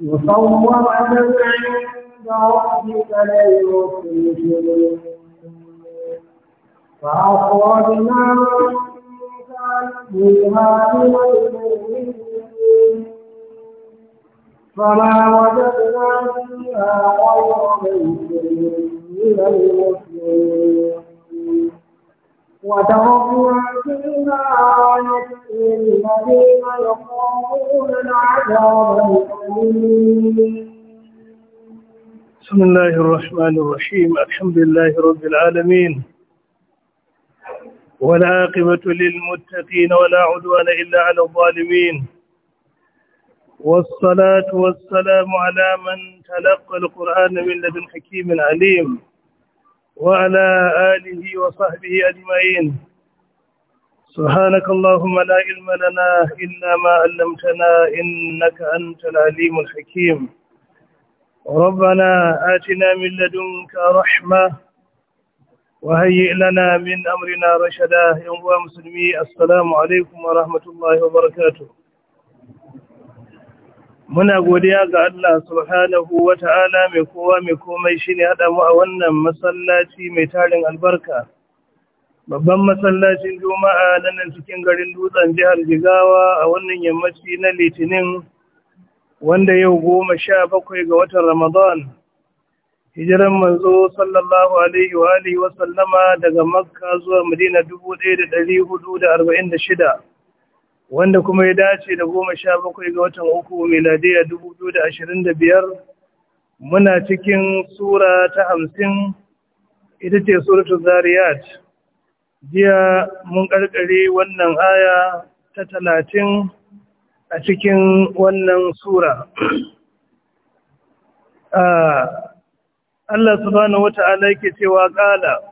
مصورة عند ربك للمسلمين فأخرجنا من كان فيها من المؤمنين فما وجدنا فيها غير بيت من المسلمين العذاب بسم الله الرحمن الرحيم الحمد لله رب العالمين والعاقبة للمتقين ولا عدوان إلا على الظالمين والصلاة والسلام على من تلقى القرآن من لدن حكيم عليم وعلى آله وصحبه أجمعين سبحانك اللهم لا علم لنا إلا ما علمتنا إنك أنت العليم الحكيم ربنا آتنا من لدنك رحمة وهيئ لنا من أمرنا رشدا يا مسلمي السلام عليكم ورحمة الله وبركاته muna godiya ga Allah subhanahu wa ta'ala mai kowa mai komai shine haɗa mu a wannan masallaci mai tarin albarka babban masallacin juma'a na nan cikin garin dutsen jihar jigawa a wannan yammaci na litinin wanda yau goma sha bakwai ga watan ramadan hijiran manzo sallallahu alaihi wa wa sallama daga makka zuwa madina dubu ɗaya da ɗari hudu da arba'in da shida wanda kuma ya dace da goma sha bakwai ga watan uku miladiya dubu biyu da ashirin da biyar muna cikin sura ta hamsin ita ce suratul zariyat jiya mun karkare wannan aya ta talatin a cikin wannan sura ah, Allah subhanahu wata yake cewa kala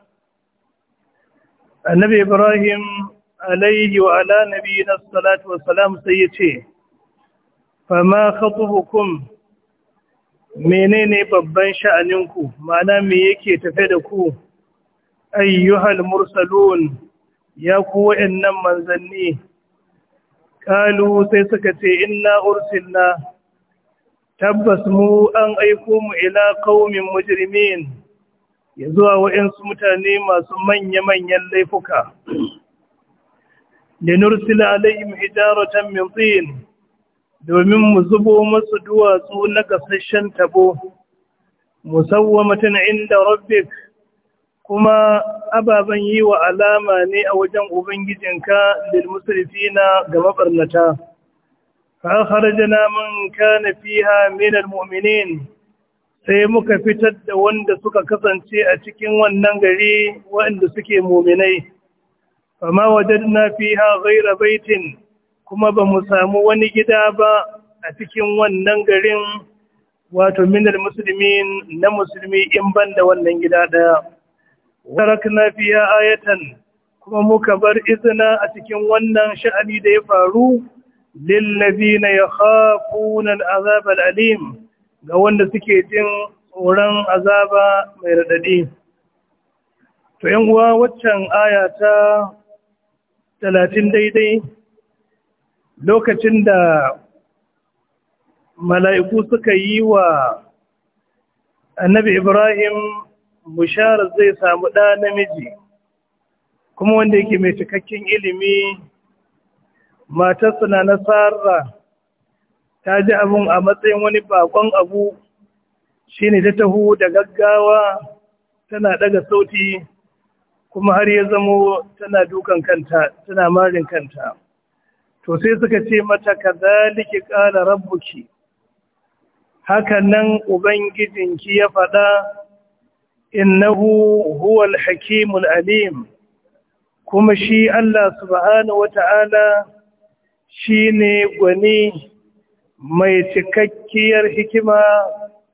annabi Ibrahim alaihi wa ala na salatu wa salam sai ya ce fama khatubukum menene babban sha'aninku ma'ana me yake tafe da ku ayyuhal mursalun ya ku wa'annan manzanni kalu sai suka ce inna ursilna tabbas mu an aiko mu ila qaumin mujrimin ya zuwa wa'ansu mutane masu manya-manyan laifuka لنرسل عليهم حجارة من طين domin mu zubo masu duwatsu na gasasshen tabo musawwamatan inda rabbik kuma ababen yi wa alama ne a wajen ubangijinka lil musrifina ga mabarnata fa kharajna man kana fiha min al mu'minin sai muka fitar da wanda suka kasance a cikin wannan gari waɗanda suke muminai fama wajadna fiha ghayra baitin kuma ba mu samu wani gida ba a cikin wannan garin wato minal muslimin na musulmi in banda wannan gida daya tarakna fiha ayatan kuma muka bar izina a cikin wannan sha'ani da ya faru lillazina yakhafuna al'azab alim, ga wanda suke jin tsoron azaba mai radadi to yan uwa waccan ayata talatin daidai lokacin da mala'iku suka yi wa annabi Ibrahim bushara zai samu ɗa namiji kuma wanda yake mai cikakken ilimi matarsa na nasara ta ji abin a matsayin wani bakon abu shine ta taho da gaggawa tana daga sauti kuma har ya zamo tana dukan kanta tana marin kanta to sai suka ce mata kadhalika qala rabbuki hakan nan ubangijinki ya faɗa innahu huwal hakimul alim kuma shi Allah subhanahu wata'ala shine gwani mai cikakkiyar hikima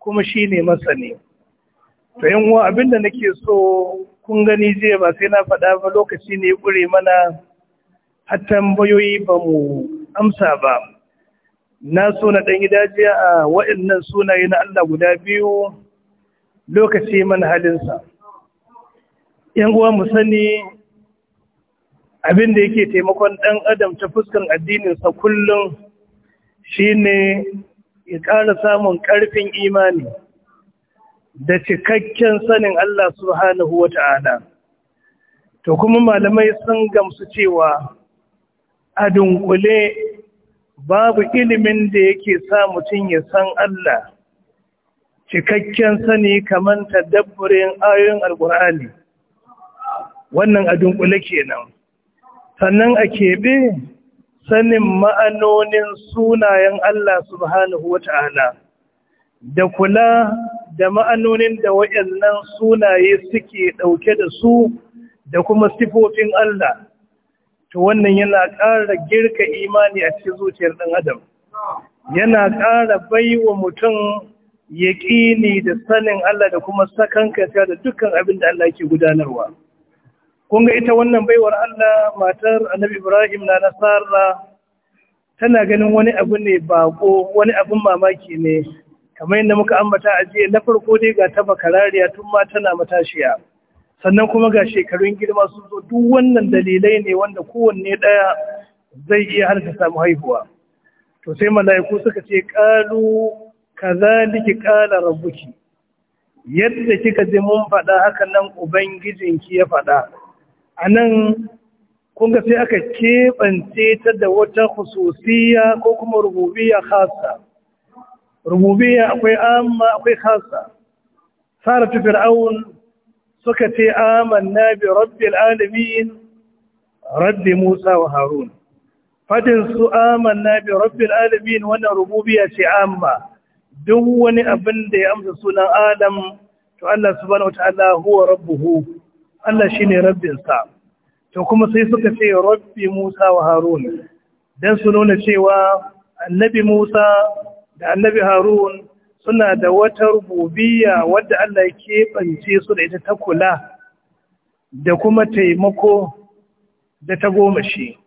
kuma shine masani to yan uwa abinda nake so kun gani jiya ba sai na faɗa ba lokaci ne ƙure mana hatan tambayoyi ba mu amsa ba na so na ɗan gidajiya a waɗannan sunaye na Allah guda biyu lokaci mana halinsa ‘yan uwa mu sani abin da yake taimakon ɗan adam ta fuskan addininsa kullum shi ne ya ƙara samun ƙarfin imani da cikakken sanin Allah subhanahu wa ta'ala. To kuma malamai sun gamsu cewa a dunkule babu ilimin da yake sa mutum ya san Allah cikakken sani kamar dabburin ayoyin alkur'ani wannan a dunkule kenan. Sannan a keɓe sanin ma'anonin sunayen Allah subhanahu wa ta'ala da kula da ma'anonin da wayannan sunaye suke ɗauke da su da kuma sifofin Allah to wannan yana ƙara girka imani a cikin zuciyar ɗan adam yana ƙara baiwa mutum yaƙini da sanin Allah da kuma sakankata da dukkan abin da Allah ke gudanarwa kun ga ita wannan baiwar Allah matar annabi Ibrahim na nasara tana ganin wani abu ne bako wani abin mamaki ne kamar yadda muka ambata a jiya na farko dai ga ta bakarariya tun ma tana matashiya sannan kuma ga shekarun girma sun zo duk wannan dalilai ne wanda kowanne ɗaya zai iya har ta samu haihuwa to sai mala'iku suka ce ƙalu kazaliki ƙala rabbuki yadda kika ji mun faɗa haka nan ubangijinki ya faɗa a nan ga sai aka keɓance ta da wata hususiya ko kuma rububiya khasa rububiyya akwai amma akwai khassa saratu fir'aun suka ce amanna bi rabbil alamin raddi Musa wa Harun fadin su amanna bi rabbil alamin wannan rububiyya ce amma duk wani abin da ya amsa sunan Adam to Allah subhanahu wataala huwa rabbuhu Allah shine sa to kuma sai suka ce rabbi Musa wa Harun dan su nuna cewa annabi Musa da annabi harun suna da wata rububiyya wadda Allah ya keɓance su da ita ta kula da kuma taimako da ta goma shi.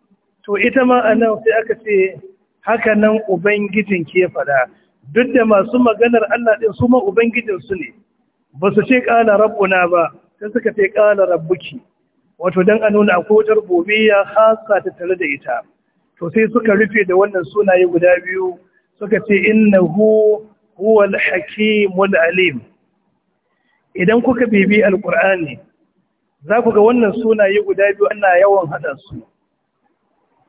To ita ma a nan sai aka ce haka nan Ubangijin ke faɗa, duk da masu maganar Allah ɗin su ma Ubangijinsu ne, ba su ce ƙala rabbuna ba, sai suka ce ƙala rabbuki, wato don a nuna akwai wata rububiyya hasa ta tare da ita. To sai suka rufe da wannan sunaye guda biyu suka ce innahu huwal hakimul alim idan kuka bibi Alƙur'ani, za ku ga wannan sunaye guda biyu ana yawan hada su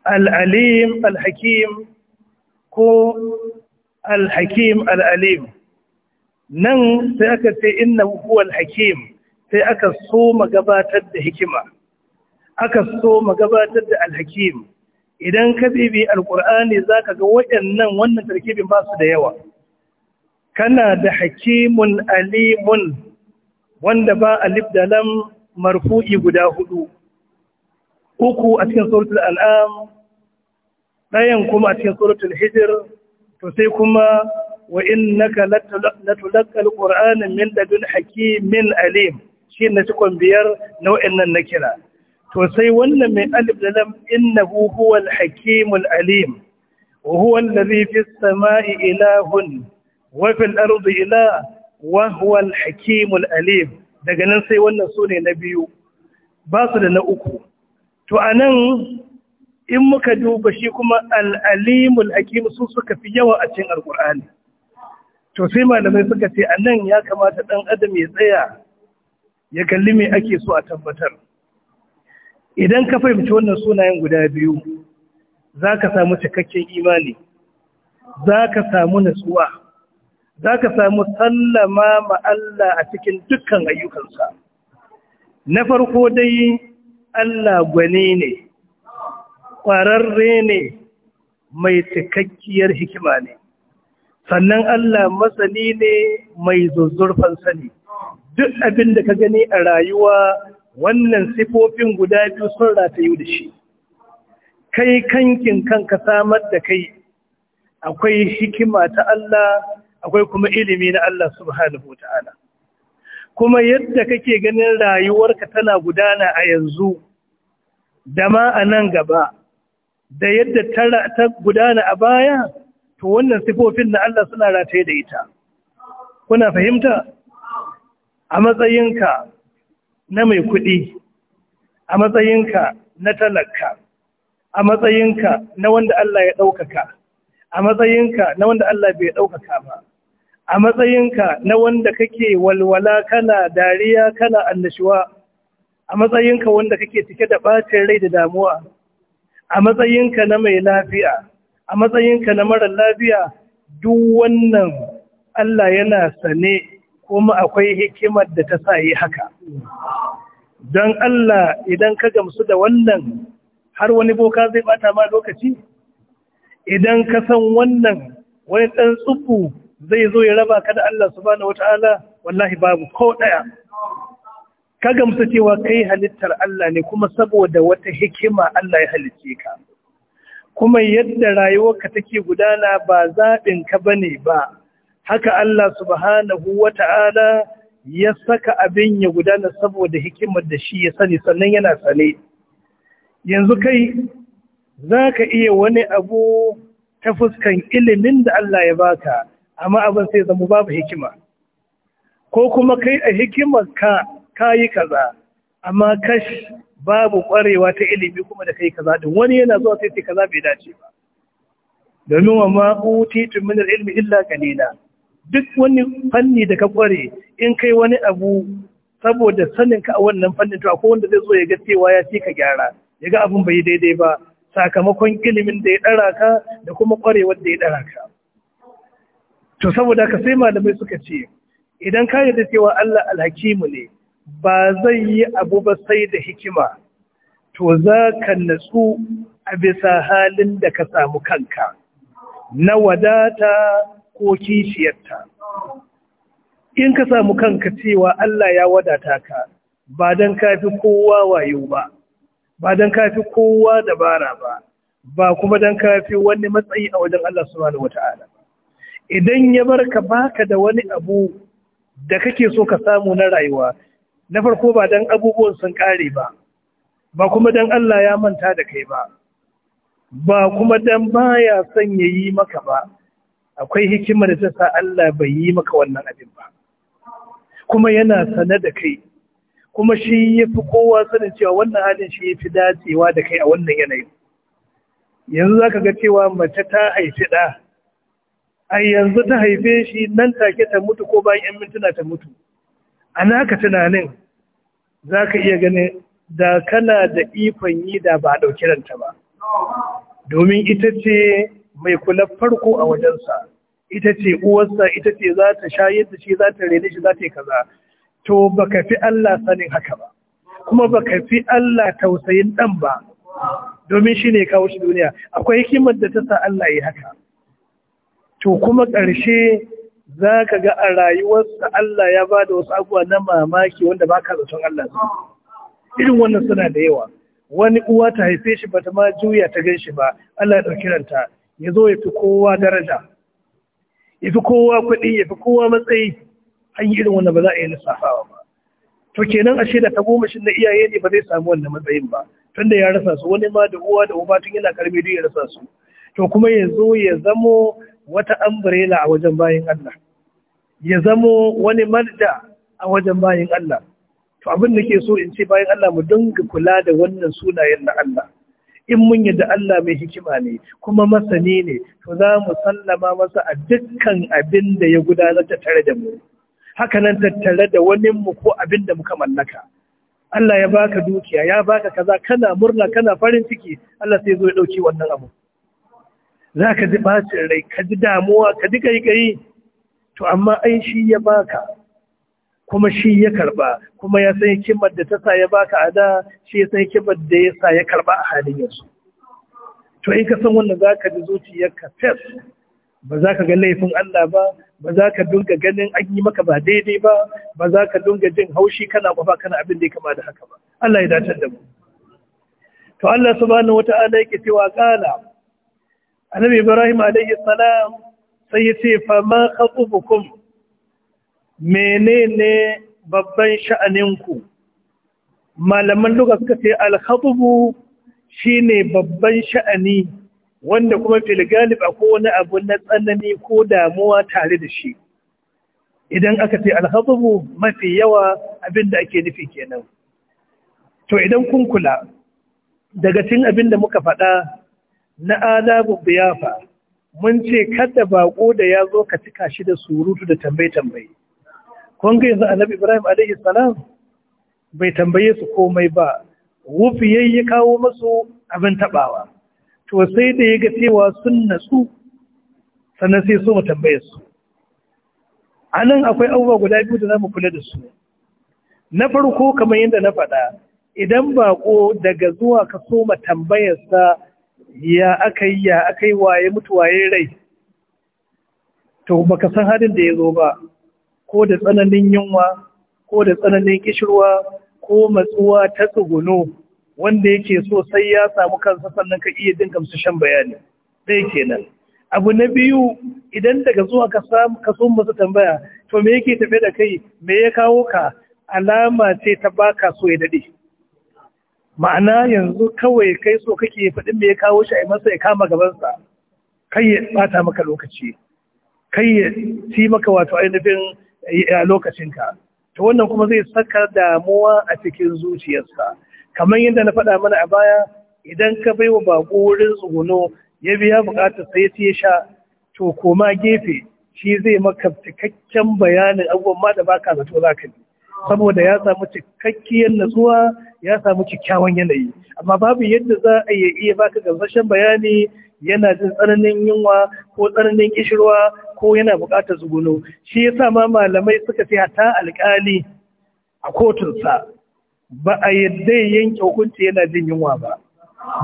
al-alim ko alhakim alalim nan sai aka ce ina huwal hakim sai aka so magabatar da hikima aka so magabatar da al idan ka Alƙur'ani alkur'ani ka ga waɗannan wannan tarkibin ba su da yawa kana da hakimun alimun wanda ba alif da lam marfu'i guda hudu uku a cikin suratul Al'am, ɗayan kuma a cikin suratul hijr to sai kuma wa innaka latulaqqal qur'ana min ladun hakimin alim shi na cikon biyar na waɗannan nakira to sai wannan mai alif da lam innahu huwal hakimul alim wa huwa allazi fis samai ilahun wa fil ardi ilah wa huwal hakimul alim daga nan sai wannan sune na biyu ba su da na uku to anan in muka duba shi kuma al'alimul hakim su suka fi yawa a cikin alkur'ani to sai malamai suka ce a nan ya kamata ɗan adam ya tsaya ya kalli me ake so a tabbatar idan ka fahimci wannan sunayen guda biyu za ka samu cikakken imani za ka samu natsuwa za ka samu sallama ma Allah a cikin dukkan ayyukansa na farko dai Allah gwani ne ƙwararre ne mai cikakkiyar hikima ne sannan Allah masani ne mai zuzzurfan sani duk abin da ka gani a rayuwa wannan sifofin guda biyu sun ratayu da shi kai kankin kanka samar da kai akwai hikima ta Allah akwai kuma ilimi na Allah subhanahu wataala ta'ala kuma yadda kake ganin rayuwarka tana gudana a yanzu da ma a nan gaba da yadda ta gudana a baya to wannan sifofin na Allah suna rataye da ita kuna fahimta a matsayinka na mai kuɗi a matsayinka na talaka a matsayinka na wanda Allah ya ɗaukaka a matsayinka na wanda Allah bai ɗaukaka ba a matsayinka na wanda kake walwala kana dariya kana annashuwa a matsayinka wanda kake cike da ɓacin rai da damuwa a matsayinka na mai lafiya a matsayinka na mara lafiya duk wannan Allah yana sane kuma akwai hikimar da ta sa yi haka don Allah idan ka gamsu da wannan har wani boka zai bata ma lokaci idan ka san wannan wani ɗan tsubu zai zo ya raba ka da Allah subhanahu wata'ala wallahi babu ko ɗaya ka gamsu cewa kai halittar Allah ne kuma saboda wata hikima Allah ya halicce ka kuma yadda rayuwarka take gudana ba zaɓin ka ne ba haka Allah subhanahu wa ya saka abin ya gudana saboda hikimar da shi ya sani sannan yana sane yanzu kai za ka iya wani abu ta fuskan ilimin da Allah ya baka amma abin sai zama babu hikima ko kuma kai a hikimar ka kayi kaza amma kash babu kwarewa ta ilimi kuma da kai kaza din wani yana zuwa sai sai kaza bai dace ba domin wa ma utitu min ilmi illa qalila duk wani fanni da ka kware in kai wani abu saboda sanin ka a wannan fannin to akwai wanda zai zo ya ga cewa ya ce ka gyara ya ga abin bai daidai ba sakamakon ilimin da ya ɗara ka da kuma kwarewar da ya ɗara ka to saboda ka sai malamai suka ce idan ka yarda cewa Allah alhakimu ne ba zai yi abu ba sai da hikima to za ka natsu a bisa halin da ka samu kanka na wadata ko kishiyarta in ka samu kanka cewa Allah ya wadata ka ba don ka fi kowa wayo ba ba don ka fi kowa dabara ba ba kuma don ka fi wani matsayi a wajen Allah subhanahu wata'ala idan ya barka baka da wani abu da kake so ka samu na rayuwa na farko ba don abubuwan sun ƙare ba ba kuma don Allah ya manta da kai ba ba kuma don baya son ya yi maka ba akwai hikimar da ta sa Allah bai yi maka wannan abin ba kuma yana sane da kai kuma shi ya fi kowa sanin cewa wannan halin shi ya fi dacewa da kai a wannan yanayin yanzu za ka ga cewa mace ta haifi ɗa a yanzu ta haife shi nan take ta mutu ko bayan 'yan mintuna ta mutu a naka tunanin za ka iya ganin da kana da ikon yi da ba a ɗauki ranta ba domin ita ce mai kula farko a wajensa ita ce uwarsa ita ce za ta shayar da shi za ta rene shi za ta yi kaza to baka fi Allah sanin haka ba kuma baka fi Allah tausayin dan ba domin shi ne kawo shi duniya akwai hikimar da ta sa Allah ya yi haka to kuma ƙarshe za ka ga a rayuwarsa Allah ya ba da wasu abubuwa na mamaki wanda ba ka zaton Allah irin wannan suna da yawa wani uwa ta haife shi bata ma juya ta gan shi ba Allah ya ɗauki ranta ya zo ya fi kowa daraja ya fi kowa kuɗi ya fi kowa matsayi an yi irin wanda ba za a yi lissafawa ba to kenan ashe da tagomashin na iyaye ne ba zai samu wannan matsayin ba tunda ya rasa su wani ma da uwa da uba tun yana karbe duk ya rasa su to kuma ya zo ya zamo wata ambrela a wajen bayan Allah ya zamo wani marda a wajen bayan Allah to abin da ke so in ce bayan Allah mu dinga kula da wannan sunayen na Allah in mun yadda Allah mai hikima ne kuma masani ne to za mu sallama masa a dukkan abin da ya gudanar tattare da mu hakanan nan tattare da wani mu ko abin da muka mallaka Allah ya baka dukiya ya baka kaza kana murna kana farin ciki Allah sai zo ya dauki wannan abu ka ji bacin rai ka ji damuwa ka ji kai kai to amma ai shi ya baka kuma shi ya karba kuma ya san hikimar da ta sa ya baka a da shi ya san hikimar da ya sa ya karba a halin yanzu to in ka san wannan za ka ji zuciyarka fes ba za ka ga laifin Allah ba ba za ka dunga ganin an yi maka ba daidai ba ba za ka dunga jin haushi kana kwafa kana abin da ya kama da haka ba Allah ya dace da mu to Allah subhanahu wata'ala yake cewa kana Annabi Ibrahim alayhi salam sai ya ce fa ma khatubukum menene babban sha'aninku malaman duka suka ce alhatubu shine babban sha'ani wanda kuma filgalib a kowane abu na tsanani ko damuwa tare da shi idan aka ce alhatubu mafi yawa abinda ake nufi kenan to idan kun kula daga cikin da muka faɗa na adabu biyafa mun ce kada bako da ya zo ka cika shi da surutu da tambaye-tambaye kun ga yanzu annabi ibrahim alaihi salam bai tambaye su komai ba wufi yayi ya kawo masu abin tabawa to sai da yaga cewa sun natsu sannan sai su tambaye su anan akwai abubuwa guda biyu da zamu kula da su na farko kamar yadda na faɗa idan bako daga zuwa ka so mu tambayar sa ya akai ya akai waye mutuwaye rai to baka san halin da ya zo ba ko da tsananin yunwa ko da tsananin kishirwa ko matsuwa ta tsuguno wanda yake so sai ya samu kansa sannan ka iya jin shan bayani dai kenan abu na biyu idan daga zuwa ka samu ka so masa tambaya to me yake tafe da kai me ya kawo ka alama ce ta baka so ya dade ma'ana yanzu kawai kai so kake faɗin me ya kawo shi a masa ya kama gabansa kai ya bata maka lokaci kai ya ci maka wato ainihin a lokacinka to wannan kuma zai saka damuwa a cikin zuciyarsa kamar yadda na faɗa mana a baya idan ka bai wa baƙo wurin tsuguno ya biya buƙatar sai ya sha to koma gefe shi zai maka cikakken bayanin abubuwan ma da baka zato za ka saboda ya samu cikakkiyar natsuwa ya samu kyakkyawan yanayi amma babu yadda za a iya iya baka gamsashen bayani yana jin tsananin yunwa ko tsananin ƙishirwa. ko yana buƙatar zugunu shi yasa ma malamai suka fi hata alƙali a kotunsa ba a yadda ya yanke hukunci yana jin yunwa ba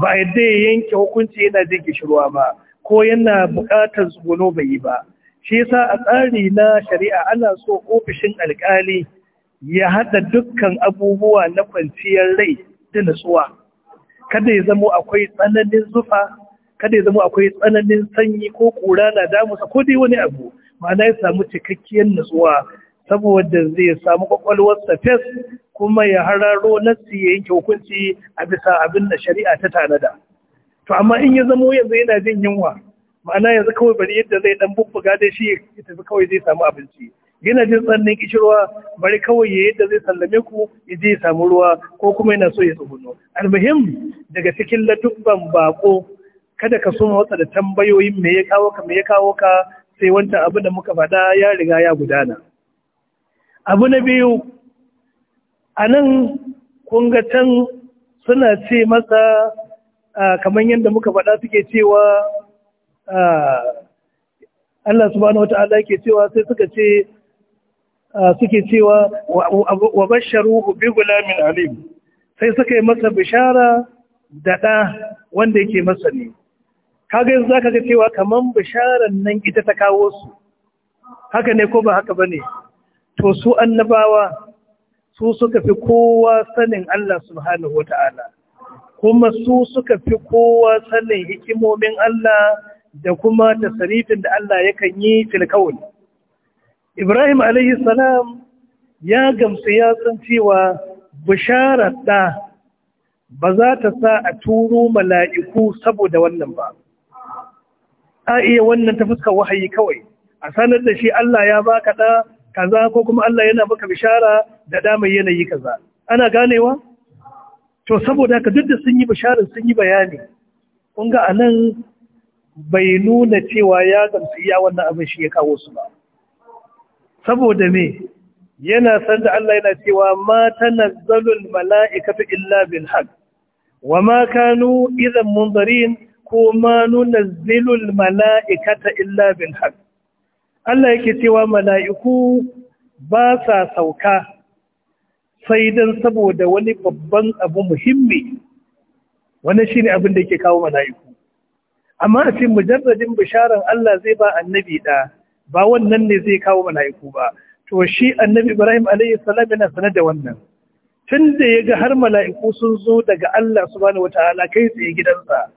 ba a yadda ya yanke hukunci yana jin kishirwa ba ko yana buƙatar zugunu bai yi ba shi ya sa a tsari na shari'a ana so ofishin alƙali ya haɗa dukkan abubuwa na kwanciyar rai da natsuwa kada ya zamo akwai tsananin zufa kada ya zama akwai tsananin sanyi ko kura na damusa ko dai wani abu ma'ana ya samu cikakkiyar nutsuwa saboda zai samu kwakwalwarsa fes kuma ya hararo nassi ya yanke hukunci a bisa abin da shari'a ta tanada to amma in ya zamo yanzu yana jin yunwa ma'ana yanzu kawai bari yadda zai dan bubbuga da shi ya tafi kawai zai samu abinci yana jin tsananin kishirwa bari kawai ya yadda zai sallame ku ya je ya samu ruwa ko kuma yana so ya tsuguno almuhim daga cikin latubban bako kada ka so watsa da tambayoyin me ya kawo ka me ya kawo ka sai wanta abu da muka faɗa ya riga ya gudana abu na biyu a nan kungatan suna ce masa kamar yadda muka faɗa suke cewa Allah subhanahu wata'ala ke cewa sai suka ce suke cewa wa basharu bi gulamin alim sai suka yi masa bishara da ɗa wanda yake masani kaga yanzu zaka ga cewa kaman bisharan nan ita ta kawo su haka ne ko ba haka bane to su annabawa su suka fi kowa sanin Allah subhanahu wataala kuma su suka fi kowa sanin hikimomin Allah da kuma tasarifin da Allah yakan yi fil Ibrahim alayhi salam ya gamsu ya san cewa bisharar da ba za ta sa a turo mala'iku saboda wannan ba a iya wannan ta fuskar wahayi kawai a sanar da shi Allah ya baka da kaza ko kuma Allah yana baka bishara da damar mai yanayi kaza ana ganewa to saboda haka duk da sun yi bisharar sun yi bayani kun ga anan bai nuna cewa ya gamsu iya wannan abin shi ya kawo su ba saboda me yana san da Allah yana cewa ma tanazzalul mala'ikatu illa bil haqq wa ma kanu idan munzarin ko ma zilul mala'ikata illa bin haqq Allah yake cewa mala'iku ba sa sauka sai don saboda wani babban abu muhimmi wani shine abin da yake kawo mala'iku amma a cikin mujarradin bisharar Allah zai ba annabi ɗa, ba wannan ne zai kawo mala'iku ba to shi annabi Ibrahim yana da wannan tun da ya ga har mala'iku sun zo daga Allah subhanahu wataala kai tsaye gidansa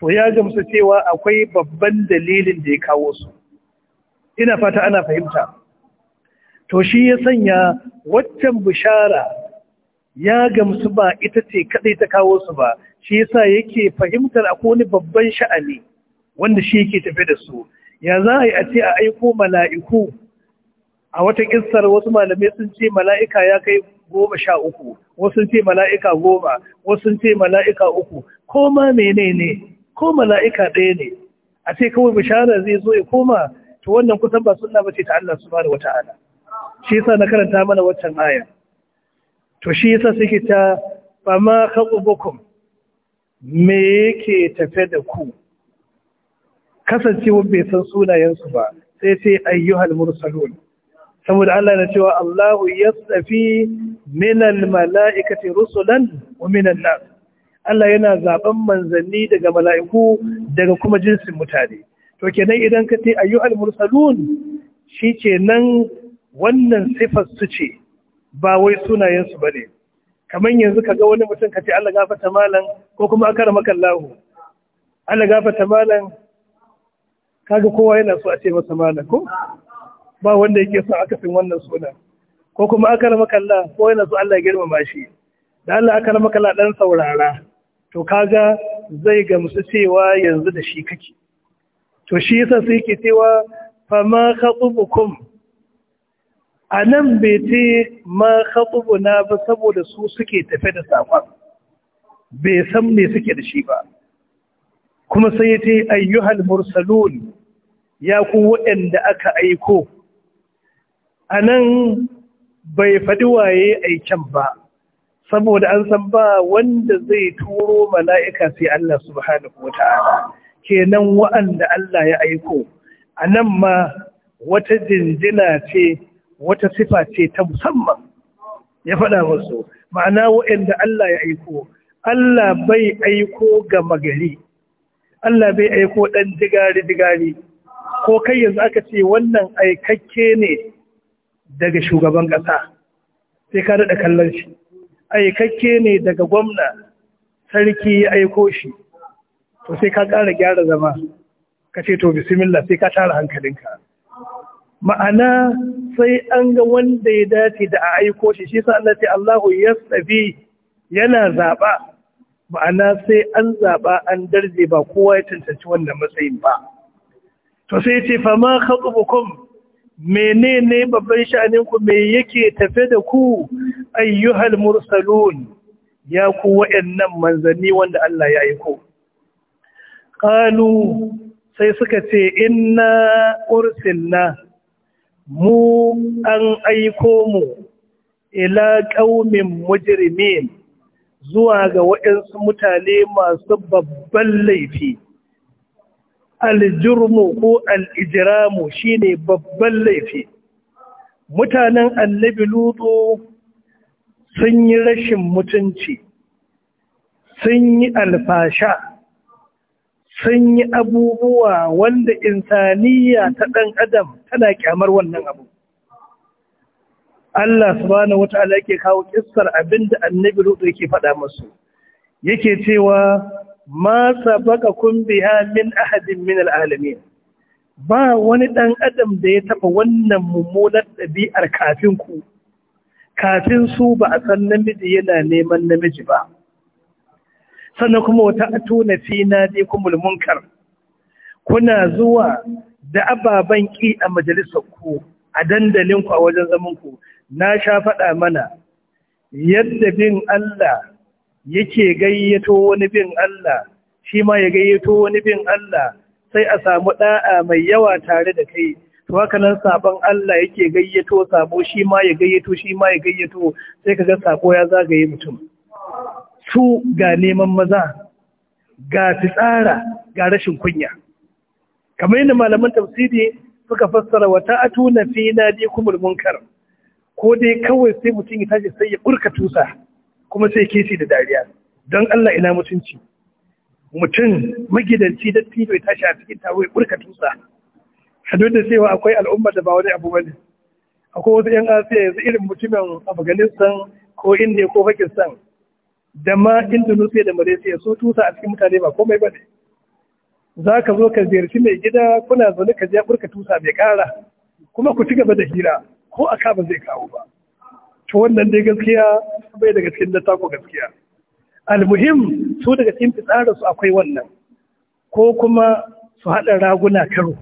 to ya gamsu cewa akwai babban dalilin da ya kawo su ina fata ana fahimta to shi ya sanya waccan bishara ya gamsu ba ita ce kadai ta kawo su ba shi yasa yake fahimtar akwai wani babban sha'ani wanda shi yake tafe da su ya za a yi a ce a aiko mala'iku a wata kissar wasu malamai sun ce mala'ika ya kai goma sha uku wasu ce mala'ika goma wasu ce mala'ika uku ko ma menene ko mala'ika ɗaya ne a ce kawai bishara zai zo ya koma to wannan kusan ba sunna ce ta Allah wata ala. shi yasa na karanta mana waccan aya to shi yasa suke ta fama khabubukum me yake tafe da ku kasancewar bai san sunayensu ba sai ce ayyuhal mursalun saboda Allah na cewa Allahu yasafi tsafi minal mala'ikati rusulan wa minan nas Allah yana zaben manzanni daga mala'iku daga kuma jinsin mutane to kenan idan ka ce al mursalun shi ce nan wannan sifar su ce ba wai sunayensu ba ne kamar yanzu ka ga wani mutum ka ce Allah ta malam ko kuma akara rama kallahu. Allah ta malam kaga kowa yana so a ce masa malam ko ba wanda yake son akasin wannan suna ko kuma akara rama kallahu ko yana so Allah ya girmama shi da Allah aka rama kallahu ɗan saurara to kaga zai gamsu cewa yanzu da shi kake to shi yasa sai ke cewa fa ma khatubukum anan bai ce ma khatubuna ba saboda su suke tafe da sakon bai san me suke da shi ba kuma sai yace ayyuhal mursalun ya ku waɗanda aka aiko anan bai faɗi waye aiken ba saboda an san ba wanda zai turo mala'ika sai Allah subhanahu wa ta'ala kenan wa'anda Allah ya aiko a nan ma wata jinjina ce wata sifa ce ta musamman ya faɗa musu ma'ana wa'anda Allah ya aiko Allah bai aiko ga magari Allah bai aiko ɗan digari-digari ko kai yanzu aka ce wannan aikakke ne daga shugaban ƙasa sai ka daɗa kallon shi aikakke ne daga gwamna sarki ya aiko shi to sai ka ƙara gyara zama ka ce to bismillah sai ka tara hankalinka ma'ana sai an ga wanda ya dace da a aiko shi shi sa Allah Allahu yasabi yana zaba ma'ana sai an zaba an darje ba kowa ya tantance wannan matsayin ba to sai ce fa ma khatubukum menene babban sha'anin ku me yake tafe da ku ayyuhal mursalun ya ku wa'annan manzanni wanda Allah ya aiko qalu sai suka ce inna ursilna mu an aiko mu ila qaumin mujrimin zuwa ga waɗansu mutane masu babban laifi aljurmu ko al'ijiramu shine babban laifi mutanen annabi lutu sun yi rashin mutunci sun yi alfasha sun yi abubuwa wanda insaniya ta ɗan adam tana kyamar wannan abu Allah subhanahu wata'ala yake kawo kissar abinda annabi Lutu yake faɗa musu yake cewa ma kun biha min ahadin min alalamin ba wani ɗan adam da ya taɓa wannan mummunar ɗabi'ar kafin ku kafin su ba a san namiji yana neman namiji ba sannan kuma wata atuna fi nadi kuma munkar kuna zuwa da ababen ƙi a majalisar ku a dandalinku a wajen zaman ku na sha faɗa mana yadda bin Allah yake gayyato wani bin Allah shi ma ya gayyato wani bin Allah sai a samu ɗa'a mai yawa tare da kai to haka nan sabon Allah yake gayyato sabo shi ma ya gayyato shi ma ya gayyato sai ka ga sabo ya zagaye mutum su ga neman maza ga fitsara ga rashin kunya kamar yadda malaman tafsiri suka fassara wata na fi kuma munkar ko dai kawai sai mutum ya tashi sai ya burka tusa kuma sai kesi da dariya don Allah ina mutunci mutum magidanci da tijo ya tashi a cikin tawo ya burka tusa Hadu da cewa akwai al'umma da ba wani abu bane akwai wasu 'yan asiya yanzu irin mutumin afghanistan ko india ko pakistan da ma indonesia da malaysia su tusa a cikin mutane ba komai ba za ka zo ka ziyarci mai gida kuna zaune ka ja burka tusa bai kara kuma ku ci gaba da hira ko a ba zai kawo ba to wannan dai gaskiya bai daga cikin da tako gaskiya almuhim su daga cikin tsara su akwai wannan ko kuma su haɗa raguna karo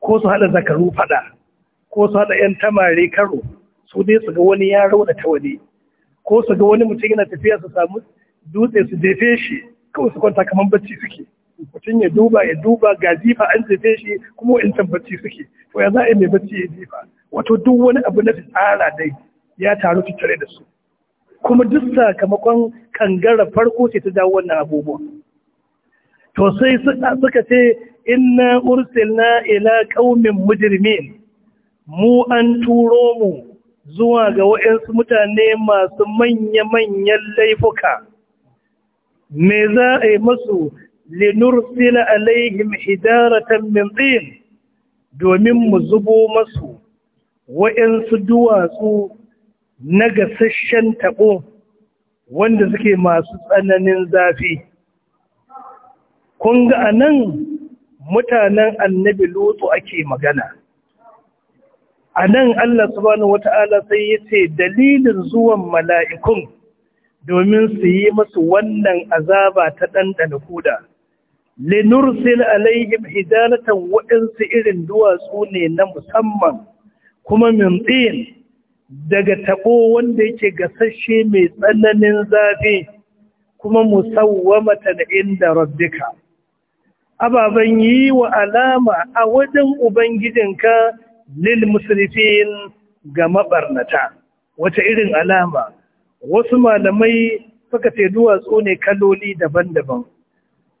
ko su haɗa zakaru faɗa ko su haɗa 'yan tamare karo su dai su ga wani yaro da ta wani ko su ga wani mutum yana tafiya su samu dutse su jefe shi kawai su kwanta kamar bacci suke mutum ya duba ya duba ga jifa an jefe shi kuma wa'incan bacci suke to ya za a yi mai bacci ya jifa wato duk wani abu na fitsara dai ya taru tattare da su kuma duk sakamakon kangara farko ce ta dawo wannan abubuwan to sai suka ce inna ursilna ila qaumin mujrimin mu an turo mu zuwa ga waɗansu mutane masu manya-manyan laifuka me za a yi masu linursila alaihim hidaratan min tin domin mu zubo masu wayansu duwatsu na gasasshen taɓo wanda suke masu tsananin zafi kun ga anan mutanen annabi lutu ake magana anan Allah subhanahu wata'ala sai yace dalilin zuwan mala'ikun domin su yi musu wannan azaba ta dandana kuda linursil alaihim hidanatan waɗansu irin duwatsu ne na musamman kuma min daga taɓo wanda yake gasashe mai tsananin zafi kuma da inda rabbika ababen yi wa alama a wajen ubangijinka lil musulifin ga mabarnata wata irin alama wasu malamai suka ce duwatsu ne kaloli daban-daban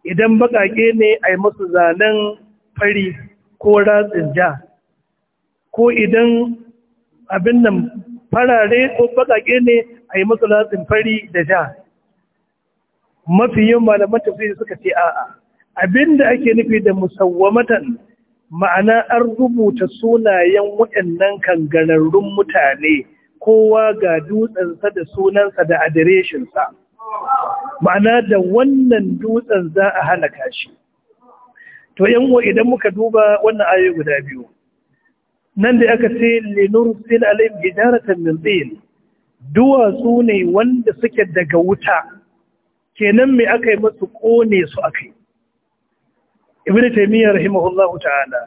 idan bakake ne a yi musu zanen fari ko ratsin ja ko idan abin nan farare ko bakake ne a yi musu ratsin fari da ja mafi yin malaman tafsiri suka ce a'a Abin abinda ake nufi da musawwamatan ma'ana an rubuta sunayen waɗannan kangararrun mutane kowa ga dutsensa da sunansa da adireshinsa ma'ana da wannan dutsen za a halaka shi to wa idan muka duba wannan ayoyi guda biyu nan da aka ce linursil alayhim hijaratan min tin duwatsu ne wanda suke daga wuta kenan me aka yi musu kone su akai ibn taymiyyah rahimahullahu ta'ala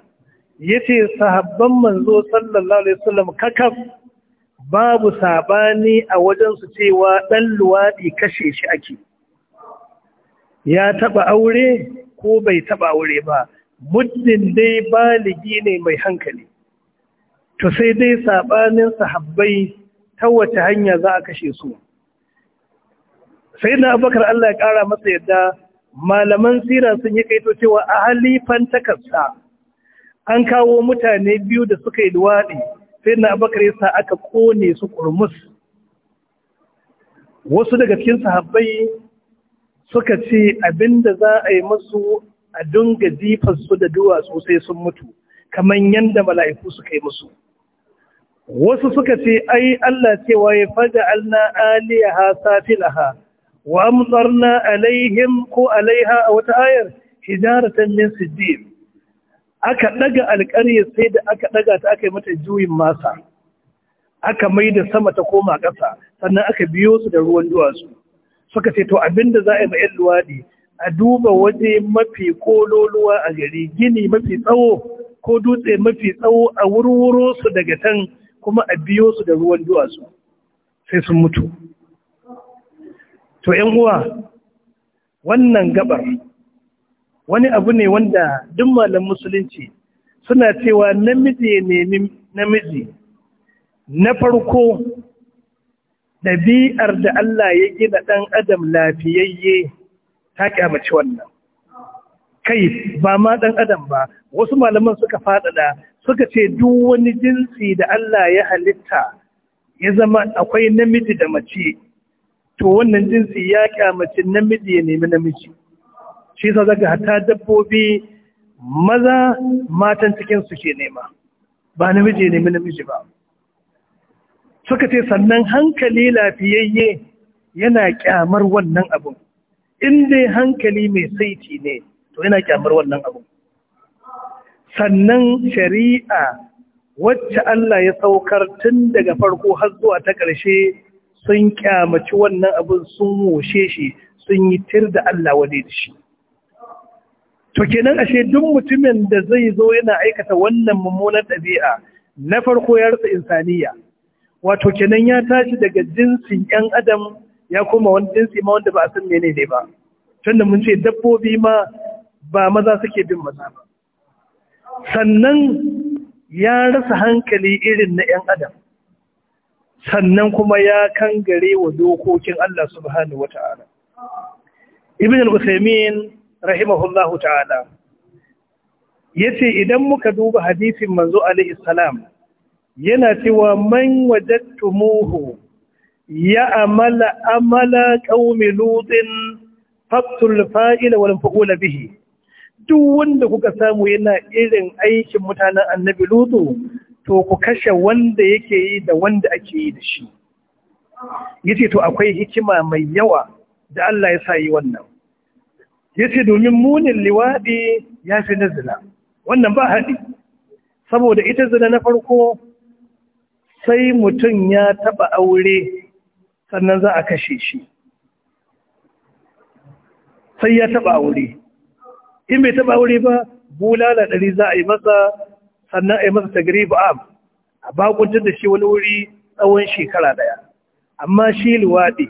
yace sahabban manzo sallallahu alaihi wasallam kakaf babu sabani a wajen su cewa dan luwadi kashe shi ake ya taba aure ko bai taba aure ba muddin dai baligi ne mai hankali to sai dai sabanin sahabbai ta wace hanya za a kashe su sai na abakar Allah ya kara masa yadda malaman sira sun yi kaito cewa a halifan takasta an kawo mutane biyu da suka yi luwaɗi sai na abakar yasa aka kone su ƙurmus wasu daga cikin sahabbai suka ce abinda za a yi musu a dunga jifarsu da duwatsu sai sun mutu kamar yadda mala'iku suka yi musu wasu suka ce ai Allah cewa ya faga alna aliyaha safilaha wa amtarna alaihim ko alaiha a wata ayar hijaratan min sijjid aka ɗaga alƙarya sai da aka ɗaga ta aka yi mata juyin masa aka mai da sama ta koma ƙasa sannan aka biyo su da ruwan duwatsu suka ce to abinda za a yi ma 'yan luwaɗi a duba waje mafi kololuwa a gari gini mafi tsawo ko dutse mafi tsawo a wurwuro su daga tan kuma a biyo su da ruwan duwatsu sai sun mutu to ‘yan uwa wannan gabar wani abu ne wanda duk malam musulunci suna cewa namiji ya nemi namiji na farko ɗabi'ar da Allah ya gina ɗan adam lafiyayye ta ƙyamaci wannan kai ba ma ɗan adam ba wasu malaman suka faɗaɗa suka ce duk wani jinsi da Allah ya halitta ya zama akwai namiji da mace to wannan jinsi ya kyamaci namiji ya nemi namiji shi sa zaka hata dabbobi maza matan cikinsu ke nema ba namiji ya nemi namiji ba suka ce sannan hankali lafiyayye yana kyamar wannan abun in dai hankali mai saiti ne to yana kyamar wannan abun sannan shari'a wacce Allah ya saukar tun daga farko har zuwa ta ƙarshe sun kyamaci wannan abin sun woshe shi sun yi tir da Allah wadai da shi to kenan ashe duk mutumin da zai zo yana aikata wannan mummunar ɗabi'a na farko ya rasa insaniya wato kenan ya tashi daga jinsin yan adam ya koma wani jinsi ma wanda ba a san menene ba tunda mun ce dabbobi ma ba maza suke bin maza ba sannan ya rasa hankali irin na yan adam sannan kuma ya kangare wa dokokin Allah subhanahu wa ta'ala. Ibn al-Usaimin rahimahullahu ta'ala ya ce idan muka duba hadisin manzo alaihi salam yana cewa man wajattumuhu ya amala amala qaumi lutin faqtul fa'ila wal fa'ula bihi duk wanda kuka samu yana irin aikin mutanen annabi lutu to ku kashe wanda yake yi da wanda ake yi da shi yace to akwai hikima mai yawa da Allah ya sa yi wannan yace domin munin liwadi ya fi nazila wannan ba haɗi saboda ita zina na farko sai mutum ya taɓa aure sannan za a kashe shi sai ya taɓa aure in bai taba aure ba bulala ɗari za a yi masa sannan a yi masa tagribu am a bakuntar da shi wani wuri tsawon shekara daya amma shi luwaɗi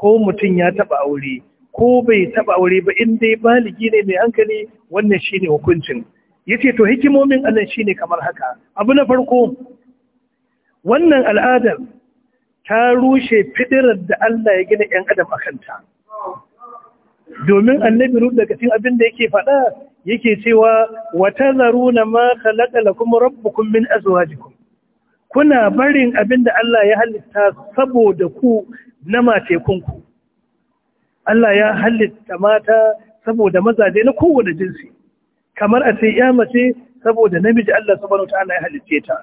ko mutum ya taɓa aure ko bai taɓa aure ba inda ya baligi ne mai hankali wannan shi ne hukuncin Ya ce to hikimomin Allah ne kamar haka abu na farko wannan al'adar ta rushe fidirar da Allah ya gina 'yan adam a kanta domin annabi ruɗu daga cikin abin da yake faɗa yake cewa wata zaruna ma khalaqa kuma rabbukum min azwajikum kuna barin abinda Allah ya halitta saboda ku na matekunku Allah ya halitta mata saboda mazaje na kowane jinsi kamar a ce ya mace saboda namiji Allah subhanahu ta'ala ya halicce ta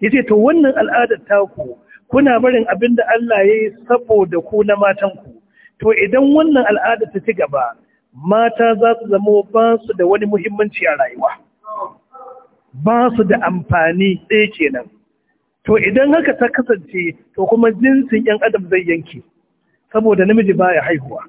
yace to wannan al'adar ku kuna barin abinda Allah ya yi saboda ku na matanku to idan wannan al'adar ta ci gaba mata za su zama ba su da wani muhimmanci a rayuwa ba su da amfani ɗaya kenan to idan haka ta kasance to kuma jinsin yan adam zai yanke saboda namiji baya haihuwa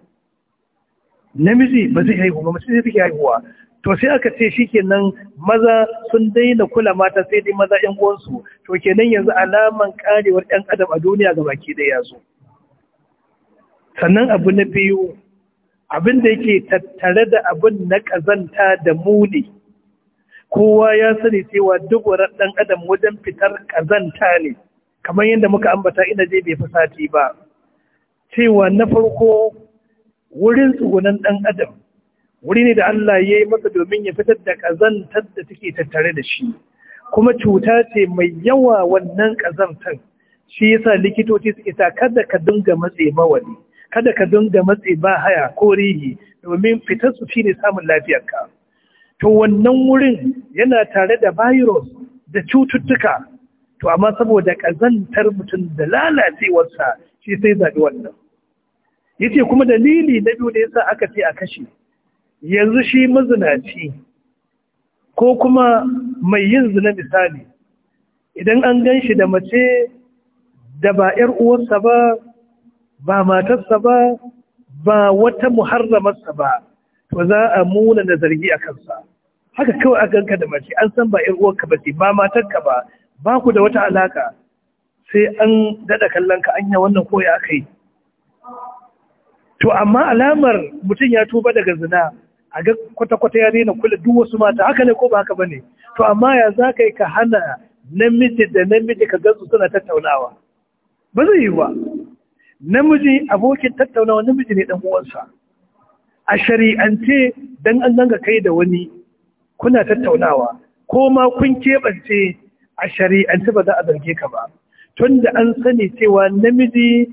namiji ba zai haihu ba mace zai take haihuwa to sai aka ce shi kenan maza sun daina kula mata sai dai maza yan uwansu to kenan yanzu alaman karewar yan adam a duniya ga baki ɗaya ya zo sannan abu na biyu abin da yake tattare da abin na ƙazanta da muni kowa ya sani cewa duk wa ɗan adam wajen fitar ƙazanta ne kamar yadda muka ambata ina je bai fasati ba cewa na farko wurin tsugunan ɗan adam wuri ne da Allah ya yi masa domin ya fitar da ƙazantar da take tattare da shi kuma cuta ce mai yawa wannan ƙazantar shi yasa likitoci suke ta kada ka dinga matse mawali kada ka dinga matse ba haya ko rihi domin fitar su shine samun lafiyarka to wannan wurin yana tare da virus da cututtuka to amma saboda ƙazantar mutum da lalacewarsa shi sai zaɓi wannan yace kuma dalili na biyu da yasa aka ce a kashe yanzu shi mazinaci ko kuma mai yin zina misali idan an gan shi da mace da ba 'yar uwarsa ba ba matarsa ba ba wata muharramarsa ba to za a muna da zargi a kansa haka kawai a ganka da mace an san ba ƴar uwarka ba ce ba matarka ba ba ku da wata alaka sai an daɗa kallon ka anya wannan koyi aka yi to amma alamar mutum ya tuba daga zina a ga kwata-kwata ya daina kula duk wasu mata haka ne ko ba haka bane to amma ya za ka yi ka hana namiji da namiji ka gansu suna tattaunawa ba zai yi ba namiji abokin tattaunawa namiji ne dan uwansa a shari'ance dan an ganga kai da wani kuna tattaunawa ko ma kun keɓance a shari'ance ba za a zarge ka ba tunda an sani cewa namiji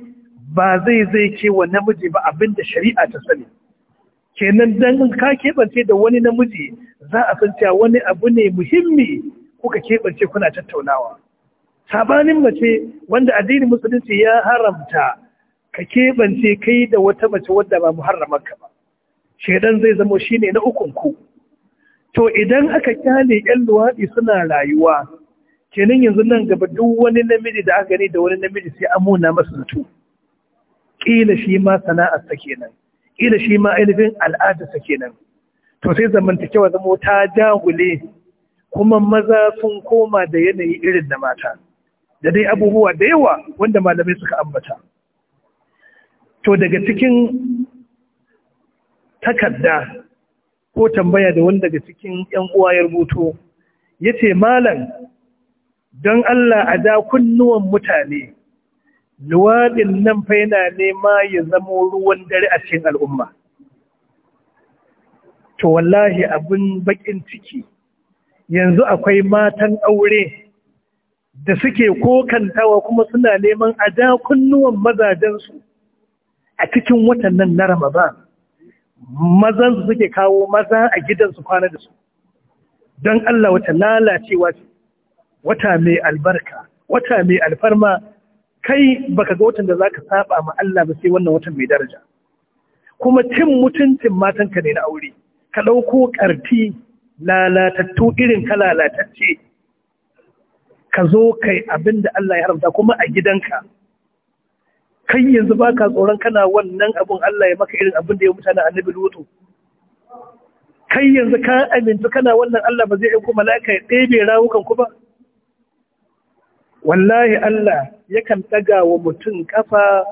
ba zai zai kewa namiji ba abinda shari'a ta sani kenan dan ka keɓance da wani namiji za a san cewa wani abu ne muhimmi kuka keɓance kuna tattaunawa sabanin mace wanda addinin musulunci ya haramta ka keɓance kai da wata mace wadda ba mu muharramarka ba shaidan zai zama ne na ukun to idan aka kyale yan luwaɗi suna rayuwa kenan yanzu nan gaba duk wani namiji da aka gani da wani namiji sai amuna masu zato ƙila shi ma sana'ar ta kenan ƙila shi ma ainihin al'adar ta kenan to sai zamantakewa zamo ta jagule. kuma maza sun koma da yanayi irin da mata da dai abubuwa da yawa wanda malamai suka ambata to daga cikin takarda ko tambaya da wani daga cikin ‘yan uwa ya rubuto ya ce malam don Allah a da kunnuwan mutane luwaɗin nan fa yana nema ya zama ruwan dare a cikin al'umma to wallahi abin bakin ciki yanzu akwai matan aure da suke kokantawa kuma suna neman a da kunnuwan mazajensu a cikin watan nan na Ramadan mazan su suke kawo maza a gidansu kwana da su don Allah wata lalacewa ce wata mai albarka wata mai alfarma kai baka ga watan da zaka saba ma Allah ba sai wannan watan mai daraja kuma cin mutuncin matanka ne na aure ka ɗauko karti lalatattu irin ka lalatacce ka zo kai abin Allah ya haramta kuma a gidanka kai yanzu baka tsoron kana wannan abun Allah ya maka irin abin da ya mutane annabi lutu kai yanzu ka amintu kana wannan Allah ba zai aiko mala'ika ya ɗebe rawukan ku ba wallahi Allah yakan ɗaga wa mutum kafa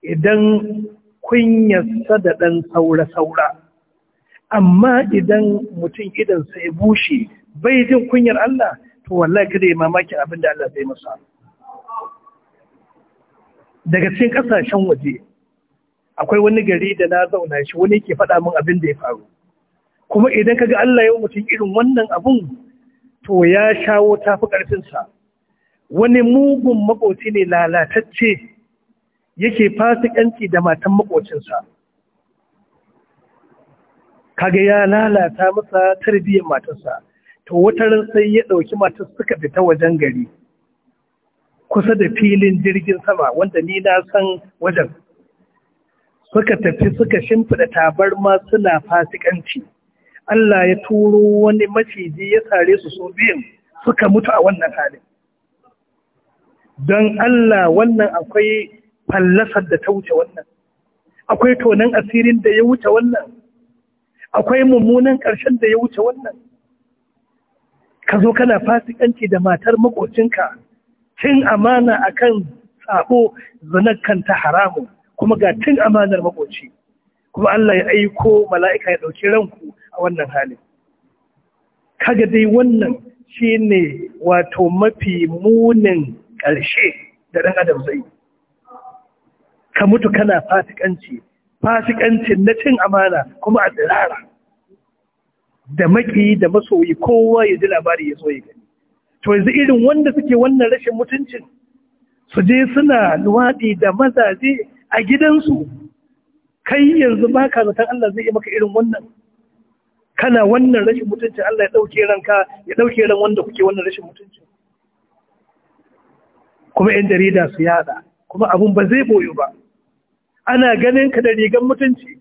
idan kunyarsa da ɗan saura-saura amma idan mutum idan sai bushe bai jin kunyar Allah to wallahi kada ya mamaki abin da Allah zai masa daga cikin ƙasashen waje akwai wani gari da na zauna shi wani yake faɗa min abin da ya faru kuma idan kaga Allah ya mutum irin wannan abun to ya shawo tafi sa wani mugun makoci ne lalatacce yake fasikanci da matan makocinsa kaga ya lalata masa tarbiyyar matarsa to wata ran sai ya ɗauki matar suka fita wajen gari kusa da filin jirgin sama wanda ni na san wajen suka tafi suka shimfiɗa tabarma suna fasikanci Allah ya turo wani maciji ya sare su so biyan suka mutu a wannan halin don Allah wannan akwai fallasar da ta wuce wannan akwai tonan asirin da ya wuce wannan akwai mummunan ƙarshen da ya wuce wannan ka zo kana fasikanci da matar makocinka cin amana akan sabo zanakan ta haramun kuma ga cin amanar makoci kuma Allah ya aiko mala'ika ya ɗauki ranku a wannan halin kaga dai wannan shi ne wato mafi munin ƙarshe da ɗan adam zai ka mutu kana fasikanci fasikanci na cin amana kuma a tsirara da maki da masoyi kowa ya ji labari ya zo ya gani to yanzu irin wanda suke wannan rashin mutuncin su je suna luwaɗi da mazaje a gidansu kai yanzu ba ka zaton Allah zai yi maka irin wannan kana wannan rashin mutuncin Allah ya ɗauke ranka ya ɗauke ran wanda kuke wannan rashin mutuncin kuma 'yan jarida su yada kuma abun ba zai boyo ba ana ganin ka da rigan mutunci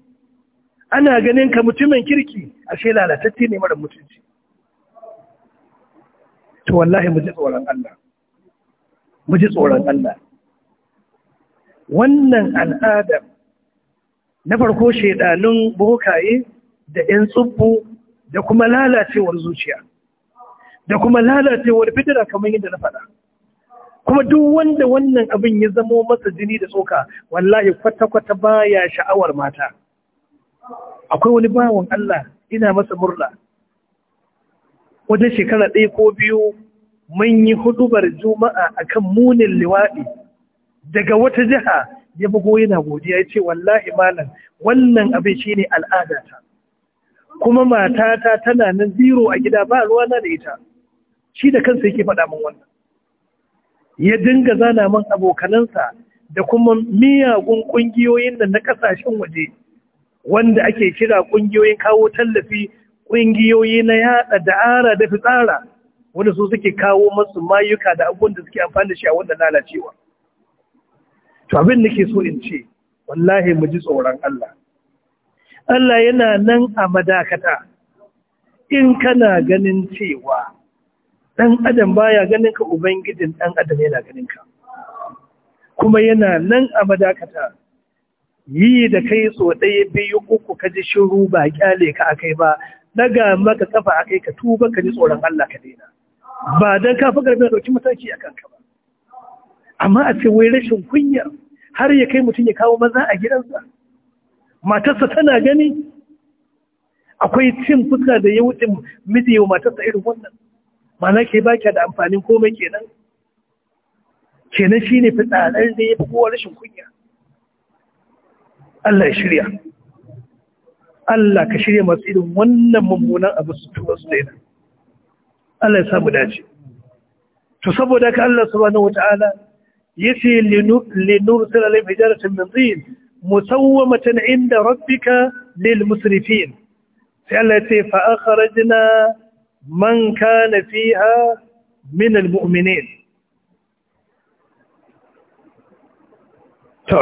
ana ganin ka mutumin kirki ashe lalatacce ne mara mutunci to wallahi mu ji tsoron Allah mu ji tsoron Allah wannan al'ada na farko shedanun bokaye da 'yan tsubbu da kuma lalacewar zuciya da kuma lalacewar fitira kamar yadda na faɗa kuma duk wanda wannan abin ya zamo masa jini da tsoka wallahi kwata-kwata baya sha'awar mata akwai wani bawan Allah ina masa murna wajen shekara ɗaya ko biyu mun yi hudubar juma'a akan munin liwaɗi daga wata jiha ya bugo yana godiya ya ce wallahi malam wannan abin shi ne al'adata kuma matata tana nan zero a gida ba ruwana da ita shi da kansa yake faɗa min wannan ya dinga zana min abokanansa da kuma miyagun ƙungiyoyin da na ƙasashen waje wanda ake kira ƙungiyoyin kawo tallafi ƙungiyoyi na da ara da fitsara wanda su suke kawo masu mayuka da abubuwan da suke amfani da shi a wanda lalacewa. To abin nake so in ce, wallahi mu ji tsoron Allah. Allah yana nan a madakata, in kana ganin cewa ɗan adam baya ganin ka Ubangijin ɗan adam yana ganin ka. Kuma yana nan a madakata, yi da kai so ɗaya biyu uku ka ji shiru ba ƙyale ka akai ba daga maka kafa a kai ka tuba ka ji tsoron Allah ka daina ba dan ka fi ƙarfi dauki mataki a kanka ba amma a ce wai rashin kunya har ya kai mutum ya kawo maza a gidansa matarsa tana gani akwai cin fuska da ya wuce miji wa matarsa irin wannan mana ke ba da amfanin komai kenan kenan shine fitsarar da ya fi kowa rashin kunya Allah ya shirya Allah ka shirya masu irin wannan mummunan abu su tuba su daina Allah ya samu dace to saboda ka Allah subhanahu wata'ala yace linursila alayhi hijaratan min tin musawwamatan inda rabbika lil musrifin sai Allah ya ce fa akhrajna man kana fiha min al mu'minin to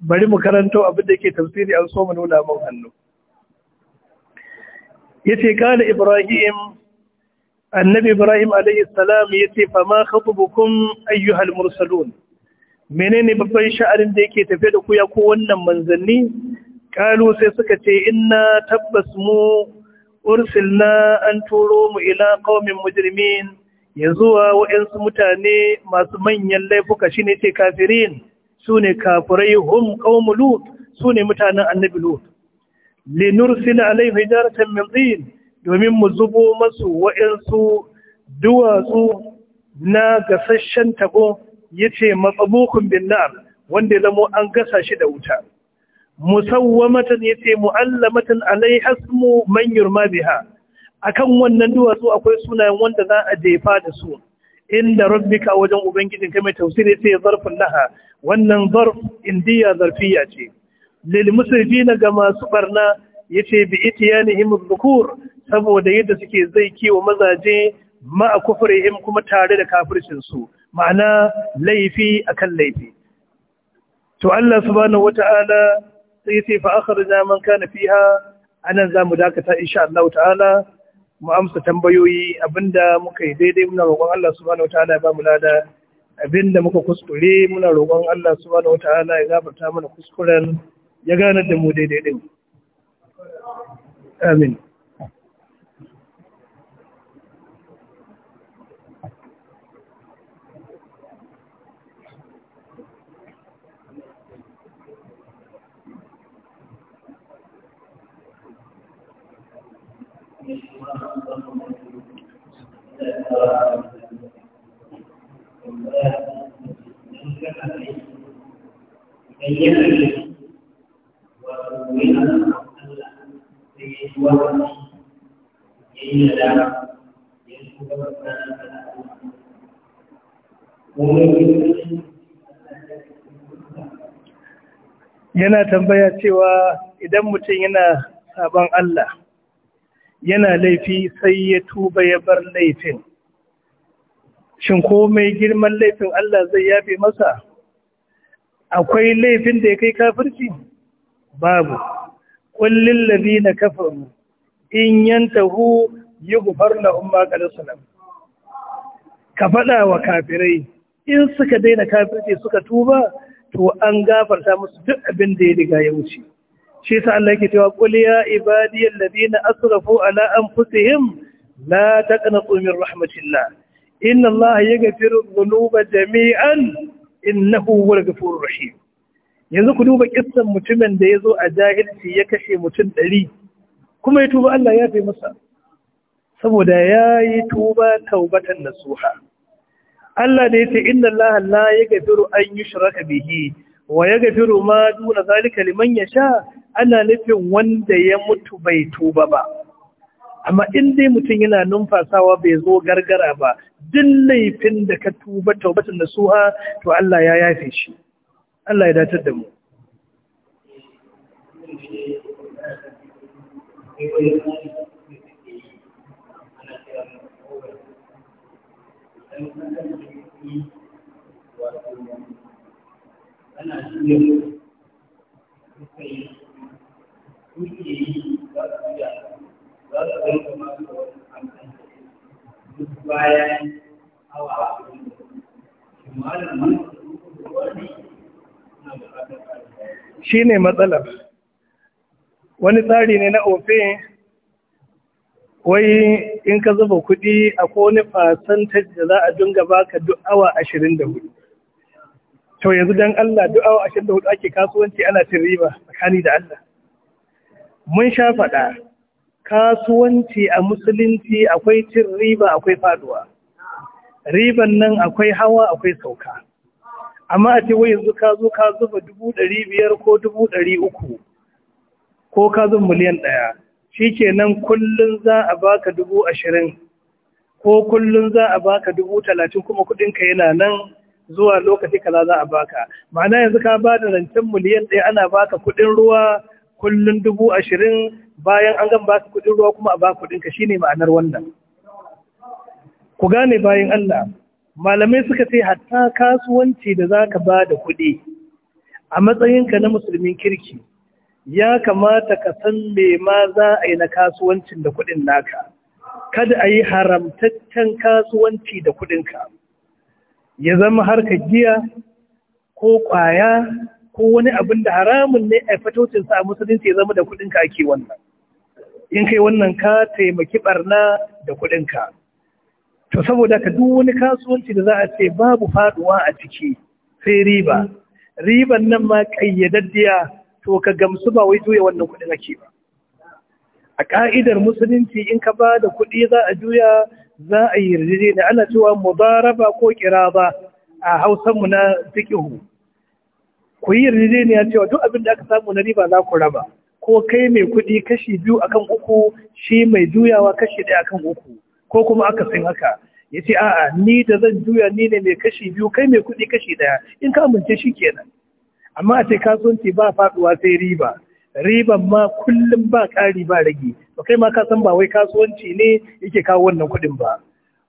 bari mu karanto abin da yake tafsiri an so mu nuna mun hannu yace kana ibrahim annabi ibrahim alayhi salam yace fa ma khatubukum ayyuhal mursalun menene babban sha'arin da yake tafe da ku ya ko wannan manzanni kalu sai suka ce inna tabbas mu ursilna an turo mu ila qaumin mujrimin yanzu wa wa'ansu mutane masu manyan laifuka shine ce kafirin su ne kafirai hum qaumu lut su ne mutanen annabi lut linursila alaihi hijaratan min tin domin mu zubo masu wa'ansu duwatsu na gasasshen tabo yace matsabukun bin wanda ya zamo an gasa shi da wuta musawwamatan yace mu'allamatan alaiha ismu man yurma biha akan wannan duwatsu akwai sunayen wanda za a jefa da su inda rabbika wajen ubangijin kai mai tausiri sai zarfin laha wannan zarf indiya zarfiya ce lil musrifina ga masu barna yace bi itiyanihim dhukur saboda yadda suke zai kiwo mazaje ma a kufrihim kuma tare da kafircin su ma'ana laifi akan laifi to Allah subhanahu wata'ala sai yace fa akhrajna man kana fiha anan zamu dakata insha Allah ta'ala mu amsa tambayoyi abinda muka yi daidai muna roƙon Allah subhanahu wataala ya ba mu lada abinda muka kuskure muna roƙon Allah subhanahu wataala ya gafarta mana kuskuren ya gane da mu daidai din amin yana tambaya cewa idan mutum yana sabon Allah yana laifi sai ya tuba ya bar laifin shin komai girman laifin Allah zai yafe masa akwai laifin da ya kai kafirci babu kullin ladina kafaru in yantahu yughfar lahum ma qad salam ka faɗa wa kafirai in suka daina kafirci suka tuba to an gafarta musu duk abin da ya riga ya wuce shi yasa Allah yake cewa qul ya ibadiyal ladina asrafu ala anfusihim la taqnatu min rahmatillah inna Allah yaghfiru dhunuba jami'an innahu huwal ghafurur rahim yanzu ku duba kissan mutumin da ya zo a jahilci ya kashe mutum ɗari kuma ya tuba Allah ya fi masa saboda ya yi tuba taubatan nasuha Allah da ya ce inna Allah la yaghfiru an yushraka bihi wa ya gafiru ma duna zalika liman ya sha ana nufin wanda ya mutu bai tuba ba amma in dai mutum yana numfasawa bai zo gargara ba duk laifin da ka tuba taubatan nasuha to Allah ya yafe shi Allah ya datar da mu Thank you. ana shirya suka yi kuke yi za su iya za su zai kuma su da wani kamfan duk bayan awa a cikin kimanin masu wani na bukatar shi ne matsalar wani tsari ne na ofe wai in ka zuba kuɗi a wani fasantar da za a dinga baka duk awa ashirin da hudu to yanzu dan Allah duk awa 24 ake kasuwanci ana cin riba tsakani da Allah mun sha faɗa kasuwanci a musulunci akwai cin riba akwai faduwa riban nan akwai hawa akwai sauka amma a ce wai yanzu ka zo ka zuba dubu ɗari biyar ko dubu ɗari uku ko ka zuba miliyan ɗaya shi kenan kullum za a baka dubu ashirin ko kullum za a baka dubu talatin kuma kuɗinka yana nan zuwa lokaci kaza za a baka ma'ana yanzu ka ba da rancen miliyan ɗaya ana baka kuɗin ruwa kullum dubu ashirin bayan an gan baka kuɗin ruwa kuma a baka kuɗin ka shine ma'anar wannan ku gane bayan Allah malamai suka ce hatta kasuwanci da zaka ba da kuɗi a matsayinka na musulmin kirki ya kamata ka san me ma za a yi na kasuwancin da kuɗin naka kada a yi haramtaccen kasuwanci da kuɗinka. ka ya zama harka giya ko kwaya ko wani abin da haramun ne a fatocinsa a musulunci ya zama da kudinka ake wannan in kai wannan ka taimaki barna da kudinka to saboda ka duk wani kasuwanci da za a ce babu faduwa a ciki sai riba riban nan ma kayyadaddiya to ka gamsu ba wai juya wannan kudin ake ba a ka'idar musulunci in ka ba da kudi za a juya za a yi yarjejeniya ana cewa mudaraba ko kira ba a hausanmu na Sikihu. ku yi yarjejeniya cewa duk abin da aka samu na riba za ku raba ko kai mai kuɗi kashi biyu akan uku shi mai juyawa kashi ɗaya akan uku ko kuma aka sin haka ya ce a'a ni da zan juya ni ne mai kashi biyu kai mai kuɗi kashi ɗaya in ka amince shi kenan amma a ce kasuwanci ba faɗuwa sai riba riban ma kullum ba ƙari ba rage to kai ma ka san ba wai kasuwanci ne yake kawo wannan kuɗin ba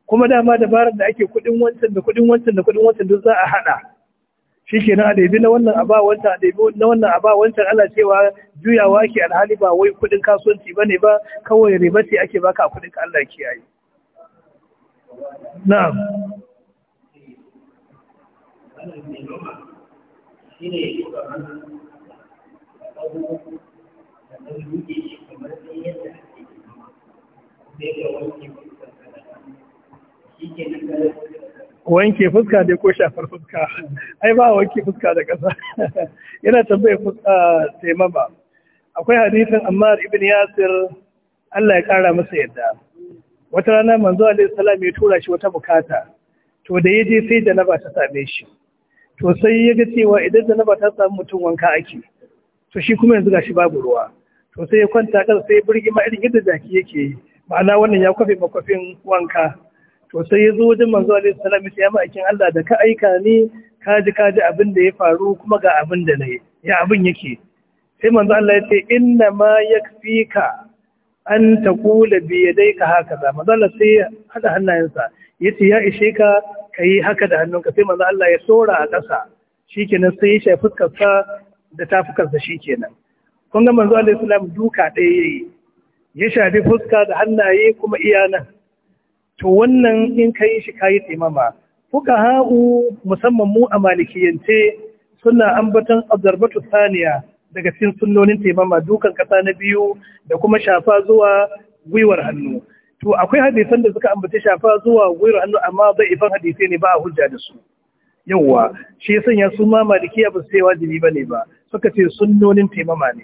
kuma dama dabarar da ake kuɗin wancan da kuɗin wancan da kuɗin wancan duk za a haɗa shi ke na adabi na wannan a ba wancan adabi na wannan a ba wancan ana cewa juyawa ake alhali ba wai kuɗin kasuwanci ba ne ba kawai riba ce ake baka a kuɗin ka Allah kiyaye na'am shine wanke fuska dai ko shafar fuska ai ba wanke fuska da ƙasa yana tambayar fuska ba akwai hadisin ammar ibn yasir Allah ya kara masa yadda wata rana manzo alaihi salam ya tura shi wata bukata to da yaje sai janaba ta same shi to sai ya ga cewa idan janaba ta samu mutum wanka ake to shi kuma yanzu gashi babu ruwa to sai ya kwanta kasa sai ya burge ma irin yadda jaki yake ma'ana wannan ya kwafe makwafin wanka to sai ya zo wajen manzo alaihi salam ya ma'aikin Allah da ka aika ni ka ji ka ji abin da ya faru kuma ga abin da nayi ya abin yake sai manzo Allah ya ce inna ma yakfika an taqula bi yadayka hakaza manzo Allah sai hada hannayensa yace ya ishe ka kai haka da hannunka sai manzo Allah ya sora a ƙasa shikenan sai ya shafi fuskarsa da tafukarsa shikenan kun ga manzo Allah sallallahu alaihi duka ɗaya yayi ya shafi fuska da hannaye kuma iyana. to wannan in ka yi shi kayi tsimama fuka ha'u musamman mu a malikiyance suna ambaton azarbatu saniya daga cikin sunnonin taimama dukan kasa na biyu da kuma shafa zuwa gwiwar hannu to akwai hadisan da suka ambaci shafa zuwa gwiwar hannu amma bai ifan ne ba a hujja da su yawwa shi ya sanya su ma malikiya ba su sai wajibi ba ne ba suka ce sunnonin taimama ne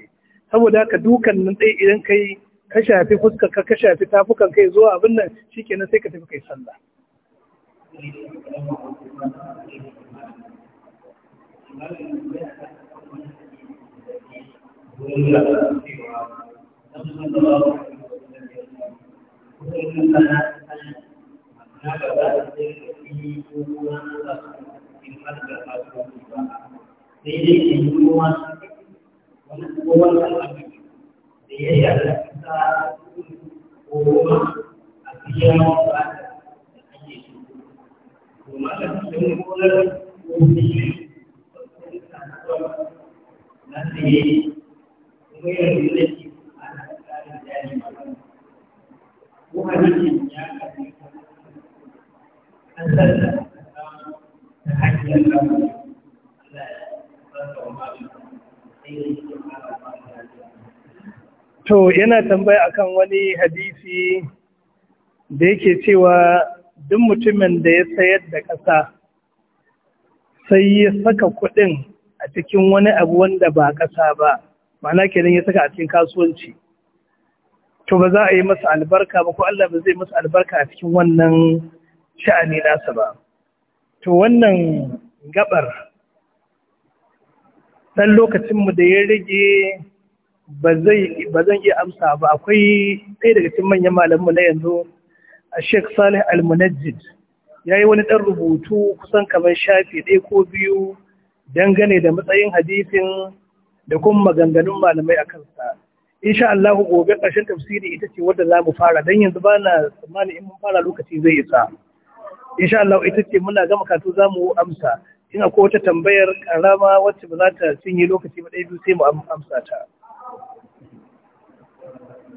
saboda haka dukan nan dai idan kai ka shafi fuskar ka ka shafi tafukan kai zuwa abin nan shikenan sai ka tafi kai sallah Thank yana tambaya akan wani hadisi da yake cewa duk mutumin da ya sayar da ƙasa sai ya saka kuɗin a cikin wani abu wanda ba ƙasa ba ma'ana kenan ya saka a cikin kasuwanci to ba za a yi masa albarka ba ko Allah ba zai masa albarka a cikin wannan sha'ani nasa ba to wannan gabar ɗan lokacinmu da ya rage ba zan iya amsa ba akwai ɗaya daga cikin manyan malamu na yanzu a sheikh salih al-munajjid ya yi wani ɗan rubutu kusan kamar shafi ɗaya ko biyu dangane da matsayin hadisin da kuma maganganun malamai a kansa insha Allah gobe ƙarshen tafsiri ita ce wadda za mu fara don yanzu ba na tsammani in mun fara lokaci zai isa insha Allah ita ce muna gama katu za mu amsa in akwai wata tambayar karama wacce ba za ta cinye lokaci ba ɗaya biyu sai mu amsa ta.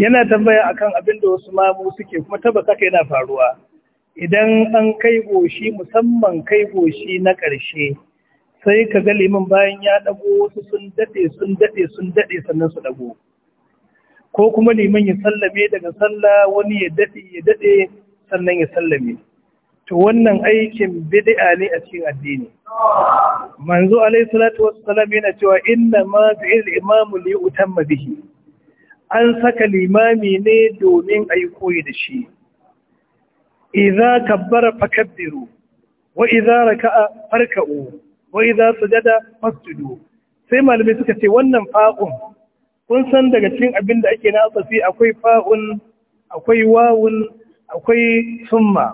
yana tambaya akan abin da wasu mamu suke kuma taba kaka yana faruwa idan an kai goshi musamman kai goshi na ƙarshe sai ka ga liman bayan ya ɗago wasu sun dade sun dade sun dade sannan su dago ko kuma liman ya sallame daga sallah wani ya dade ya dade sannan ya sallame to wannan aikin bid'a ne a cikin addini manzo alaihi salatu wassalam yana cewa inna ma fi'il imamu li utamma bihi an saka limami ne domin a yi koyi da shi iza kabbara fakabbiru wa iza raka'a farka'u wa iza sujada fasjudu sai malamai suka ce wannan fa'un kun san daga cikin abin da ake na asafi akwai fa'un akwai wawun akwai summa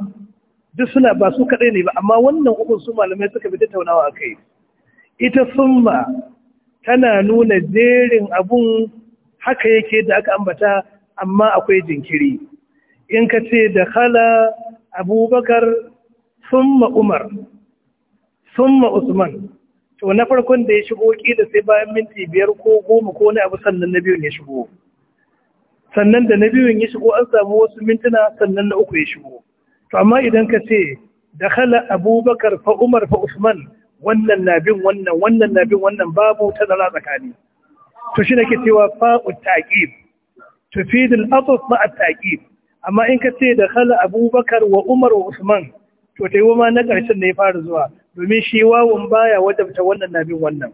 duk suna ba su kaɗai ne ba amma wannan ukun su malamai suka fi tattaunawa a kai ita summa tana nuna jerin abun haka yake da aka ambata amma akwai jinkiri in ka ce da khala abubakar summa umar summa usman to na farkon da ya shigo da sai bayan minti biyar ko goma ko wani abu sannan na biyun ya shigo sannan da na biyun ya shigo an samu wasu mintuna sannan na uku ya shigo to amma idan ka ce da khala abubakar fa umar fa usman wannan na bin wannan wannan na bin wannan babu tazara tsakani to shi nake cewa fa'u taqib tufid al-atf ma'a taqib amma in ka ce da khala abubakar wa umar wa usman to tai wa ma na karshen ne ya fara zuwa domin shi wawun baya wadabta wannan nabi wannan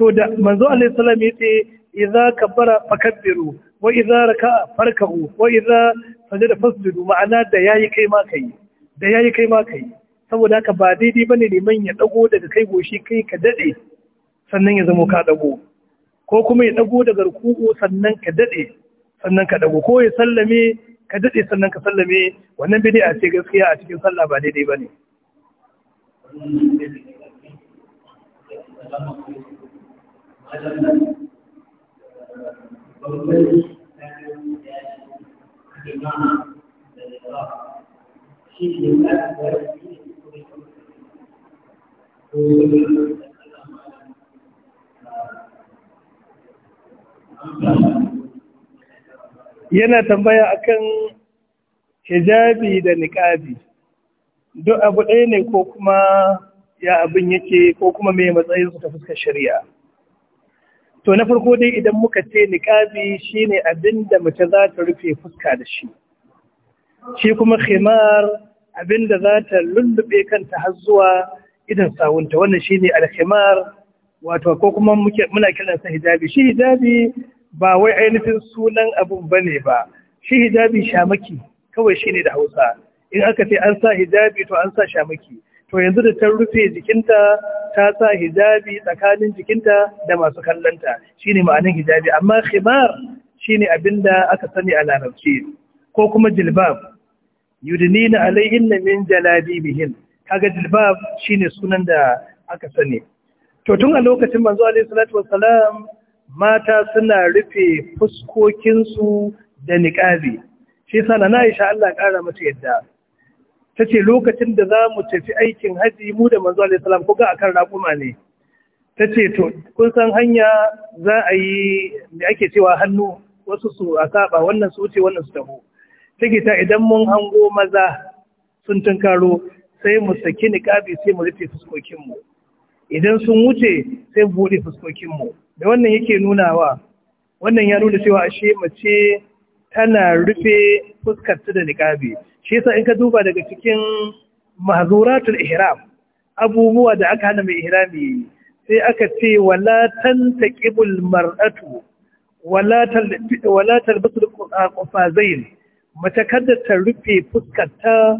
to da manzo alaihi salam ya ce idza kabbara fakabbiru wa idza raka'a farka'u wa idza sajada fasjudu ma'ana da yayi kai ma kai da yayi kai ma kai saboda haka ba daidai bane liman ya dago daga kai goshi kai ka dade sannan ya zama ka dago ko kuma ya dago daga ruku'u sannan ka dade sannan ka dago ko ya sallame ka dade sannan ka sallame wannan bid'a ce gaskiya a cikin sallah ba daidai bane Thank you. yana tambaya akan hijabi da niƙabi duk abu ɗaya ne ko kuma ya abin yake ko kuma mai matsayin su ta fuskar shari'a to na farko dai idan muka ce niƙabi shine abin da mace za ta rufe fuska da shi shi kuma khimar abinda da za ta lullube kanta har zuwa idan sawunta wannan shine al wato ko kuma muna kiransa hijabi shi hijabi ba wai ainihin sunan ba ne ba shi hijabi shamaki kawai shine da Hausa in aka ce an sa hijabi to an sa shamaki to yanzu da ta rufe jikinta ta sa hijabi tsakanin jikinta da masu kallanta shine ma'anin hijabi amma khimar shine da aka sani a larabci ko kuma jilbab yudnina na min jalabibihin kaga jilbab shine sunan da aka sani to tun a lokacin manzo alaihi salatu wassalam mata suna rufe fuskokinsu da niƙabi shi sana na isha Allah ƙara mace yadda ta ce lokacin da za mu tafi aikin haji mu da manzo alaihi salam ga akan raƙuma ne ta ce to kun san hanya za a yi me ake cewa hannu wasu su a saba wannan su wuce wannan su taho Ta ta idan mun hango maza sun tunkaro sai mu saki niƙabi sai mu rufe fuskokinmu idan sun wuce sai buɗe fuskokinmu da wannan yake nunawa wannan ya nuna cewa ashe mace tana rufe fuskarta da niƙabi shi yasa in ka duba daga cikin mahzuratul ihram abubuwa da aka hana mai ihrami sai aka ce wala tantaqibul mar'atu wala tal wala talbasul qufazain mace kada ta rufe fuskarta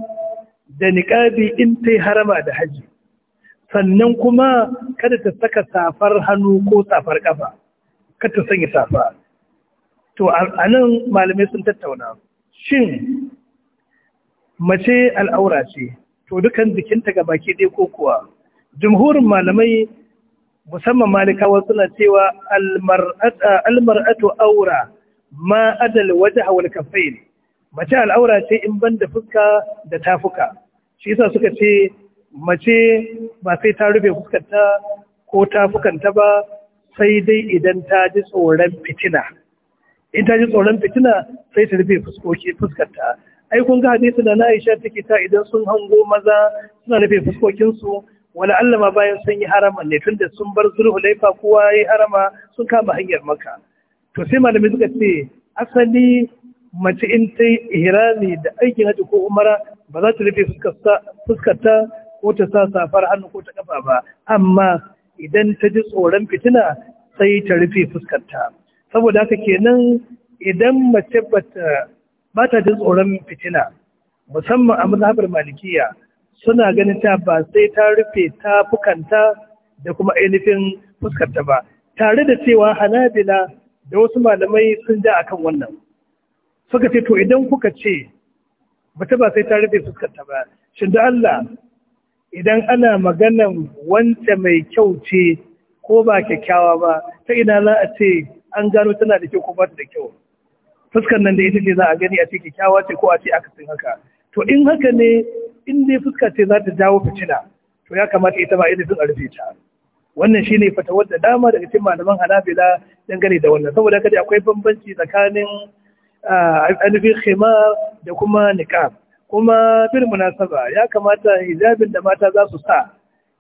da niƙabi in tai harama da haji sannan kuma kada ta saka safar hannu ko safar kafa kada ta sanya safa to a nan malamai sun tattauna shin mace al'aura ce to dukan jikinta ga baki ɗaya ko kuwa jumhurin malamai musamman malikawa suna cewa almar'atu aura ma adal waje hawal kafain mace al'aura ce in ban da fuska da tafuka shi yasa suka ce mace ba sai ta rufe fuskanta ko ta fukanta ba sai dai idan ta ji tsoron fitina in ta ji tsoron fitina sai ta rufe fuskoki fuskanta ai kun ga hadisi da na Aisha take ta idan sun hango maza suna rufe fuskokin su wala Allah ma bayan sun yi harama ne tunda sun bar sulhu laifa kowa yi harama sun kama hanyar maka to sai malamai suka ce asali mace in ta yi ihrami da aikin haji ko umara ba za ta rufe fuskarta ko ta sa safar hannu ko ta kafa ba amma idan ta ji tsoron fitina sai ta rufe fuskarta saboda haka kenan idan mace ba ta jin tsoron fitina musamman a mazhabar malikiya suna ganin ta ba sai ta rufe ta fukanta da kuma ainihin fuskarta ba tare da cewa hanabila da wasu malamai sun ja akan wannan suka ce to idan kuka ce mace ba sai ta rufe fuskarta ba shin da Allah idan ana maganan wance mai kyau ce ko ba kyakkyawa ba ta ina za a ce an gano tana da kyau ko ba ta da kyau fuskar nan da ita ce za a gani a ce kyakkyawa ce ko a ce sun haka to in haka ne in dai fuska ce za ta jawo fitina to ya kamata ita ba ita a arfe ta wannan shine fatawar da dama daga cikin malaman Hanabila dangane da wannan saboda kada akwai bambanci tsakanin ah, ainihin khimar da kuma niqab kuma bir munasaba ya kamata hijabin da mata za su sa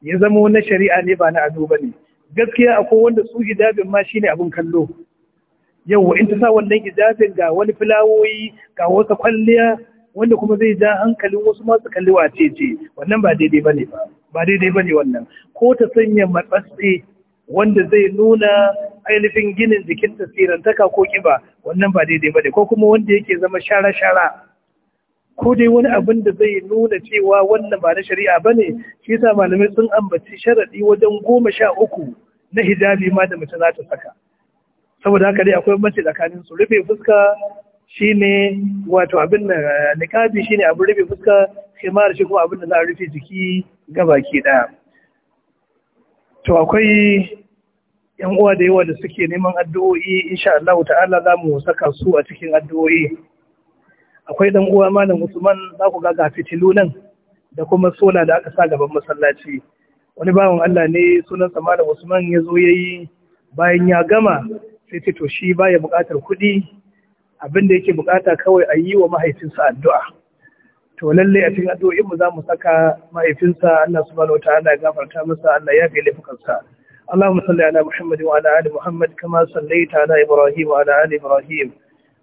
ya zama na shari'a ne ba na ado ba ne gaskiya akwai wanda su hijabin ma shine abin kallo Yau, in ta sa wannan hijabin ga wani filawoyi ga wasu kwalliya wanda kuma zai ja hankalin wasu masu kalli wa ce wannan ba daidai bane ba ba daidai bane wannan ko ta sanya matsatsi wanda zai nuna ainihin ginin jikin tasirantaka ko kiba wannan ba daidai bane ko kuma wanda yake zama shara-shara ko dai wani abin da zai nuna cewa wannan ba na shari'a ba ne shi yasa malamai sun ambaci sharaɗi wajen goma sha uku na hijabi ma da mace za ta saka saboda haka dai akwai mace tsakanin su rufe fuska shine wato abin da shi shine abin rufe fuska khimar shi kuma abin da za a rufe jiki ga baki ɗaya. to akwai yan uwa da yawa da suke neman addu'o'i insha Allah ta'ala za mu saka su a cikin addu'o'i akwai dan uwa malam Usman za ku ga ga fitilu nan da kuma sola da aka sa gaban masallaci wani bawan Allah ne sunansa malam Usman ya zo yayi bayan ya gama sai ce to shi baya buƙatar kuɗi abin da yake buƙata kawai a yi wa mahaifinsa addu'a to lalle a cikin addu'o'in mu za mu saka mahaifinsa Allah subhanahu wataala ya gafarta masa Allah ya fi laifukansa اللهم صل على محمد وعلى ال محمد كما صليت على ابراهيم وعلى ال ابراهيم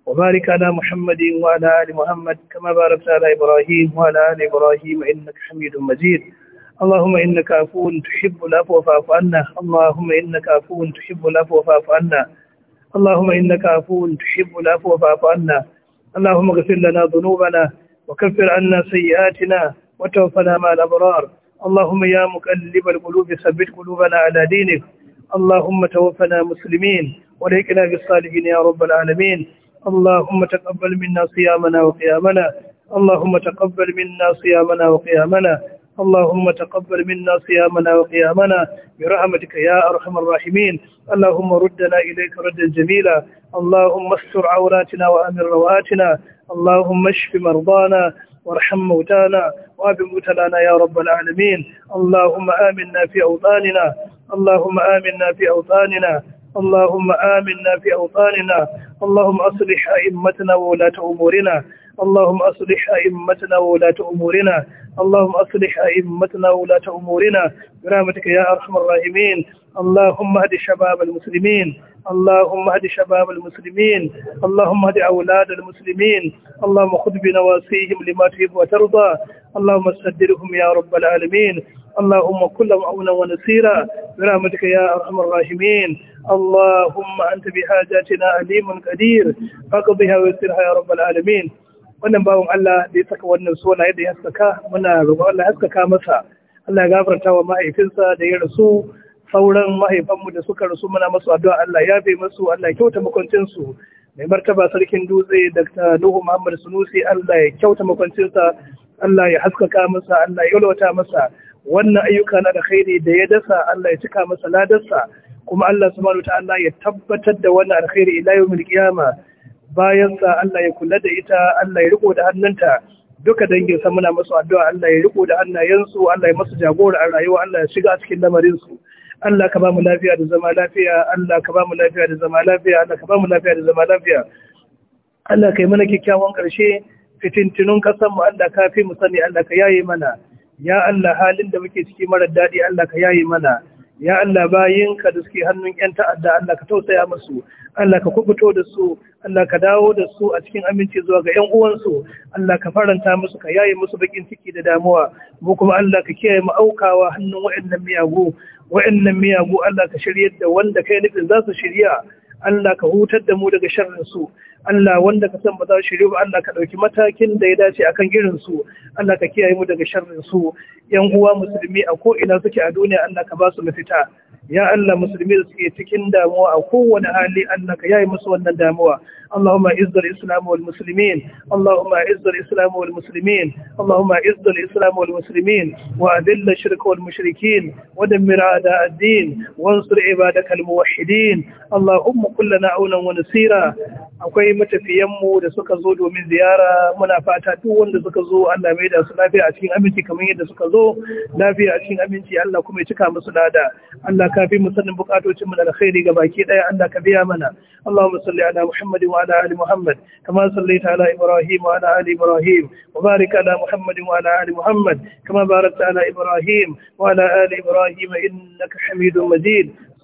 وبارك على محمد وعلى آل محمد كما باركت على إبراهيم وعلى آل إبراهيم إنك حميد مجيد اللهم إنك عفو تحب العفو فاعف عنا اللهم إنك عفو تحب العفو فاعف عنا اللهم إنك عفو تحب العفو فاعف عنا اللهم اغفر لنا ذنوبنا وكفر عنا سيئاتنا وتوفنا مع الأبرار اللهم يا مقلب القلوب ثبت قلوبنا على دينك اللهم توفنا مسلمين وليكنا بالصالحين يا رب العالمين اللهم تقبل منا صيامنا وقيامنا اللهم تقبل منا صيامنا وقيامنا اللهم تقبل منا صيامنا وقيامنا برحمتك يا أرحم الراحمين اللهم ردنا إليك ردا جميلا اللهم استر عوراتنا وأمن رواتنا اللهم اشف مرضانا وارحم موتانا وابن مبتلانا يا رب العالمين اللهم آمنا في أوطاننا اللهم آمنا في أوطاننا اللهم آمنا في أوطاننا اللهم أصلح أئمتنا وولاة أمورنا اللهم أصلح أئمتنا وولاة أمورنا اللهم أصلح أئمتنا وولاة أمورنا برحمتك يا أرحم الراحمين اللهم اهد شباب المسلمين اللهم اهد شباب المسلمين اللهم اهد أولاد المسلمين اللهم خذ بنواسيهم لما تحب وترضى اللهم سددهم يا رب العالمين اللهم كن لهم عونا ونصيرا برحمتك يا ارحم الراحمين اللهم انت بحاجاتنا عليم قدير فاقضها ويسرها يا رب العالمين wannan bawon Allah da ya saka wannan suna yadda ya haskaka muna roƙon Allah haskaka masa Allah ya gafarta wa mahaifinsa da ya rasu sauran mahaifanmu da suka rasu mana masu addu'a Allah ya bai masu Allah ya kyauta makwancinsu mai martaba sarkin dutse Dr. Nuhu Muhammad Sunusi Allah ya kyauta makwancinsa Allah ya haskaka masa Allah ya yalwata masa wannan ayyuka na da khairi da ya dasa Allah ya cika masa ladarsa kuma Allah subhanahu ta'ala ya tabbatar da wannan alkhairi ila yawmil qiyama bayan sa Allah ya kula da ita Allah ya riko da hannunta duka dangin sa muna masu addu'a Allah ya riko da hannayensu Allah ya masu jagora a rayuwa Allah ya shiga cikin lamarin su Allah ka ba mu lafiya da zama lafiya Allah ka ba mu lafiya da zama lafiya Allah ka ba mu lafiya da zama lafiya Allah ka mana kyakkyawan ƙarshe fitintunun kasan mu Allah ka fi mu sani Allah ka yaye mana ya Allah halin da muke ciki mara daɗi Allah ka yaye mana ya Allah bayinka da suke hannun ‘yan ta'adda Allah ka tausaya musu, Allah ka kubuto da su, Allah ka dawo da su a cikin aminci zuwa ga ‘yan uwansu, Allah ka faranta musu ka yaye musu bakin ciki da damuwa, mu kuma Allah ka kiyaye wa hannun wa'yannan miyagu, wa'yannan miyagu Allah ka shirye da wanda kai nufin za su shirya, Allah ka hutar da mu daga sharrin su. Allah wanda ka san ba za su shiryu ba Allah ka ɗauki matakin da ya dace akan irin su Allah ka kiyaye mu daga sharrin su yan uwa musulmi a ko ina suke a duniya Allah ka ba su mafita ya Allah musulmi da suke cikin damuwa a kowane hali Allah ka yaye musu wannan damuwa اللهم اعز الاسلام والمسلمين اللهم اعز الاسلام والمسلمين اللهم اعز الاسلام والمسلمين واذل الشرك والمشركين ودمر اعداء الدين وانصر عبادك الموحدين اللهم كلنا عونا ونصيرا akwai akwai matafiyanmu da suka zo domin ziyara muna fata duk wanda suka zo Allah mai da su lafiya a cikin aminci kamar yadda suka zo lafiya a cikin aminci Allah kuma ya cika musu lada Allah ka fi mu sanin bukatocin mu da alkhairi ga baki daya Allah ka biya mana Allahumma salli ala Muhammad wa ala ali Muhammad kama sallaita ala Ibrahim wa ala ali Ibrahim wa barik ala Muhammad wa ala ali Muhammad kama barakta ala Ibrahim wa ala ali Ibrahim innaka Hamidum Majid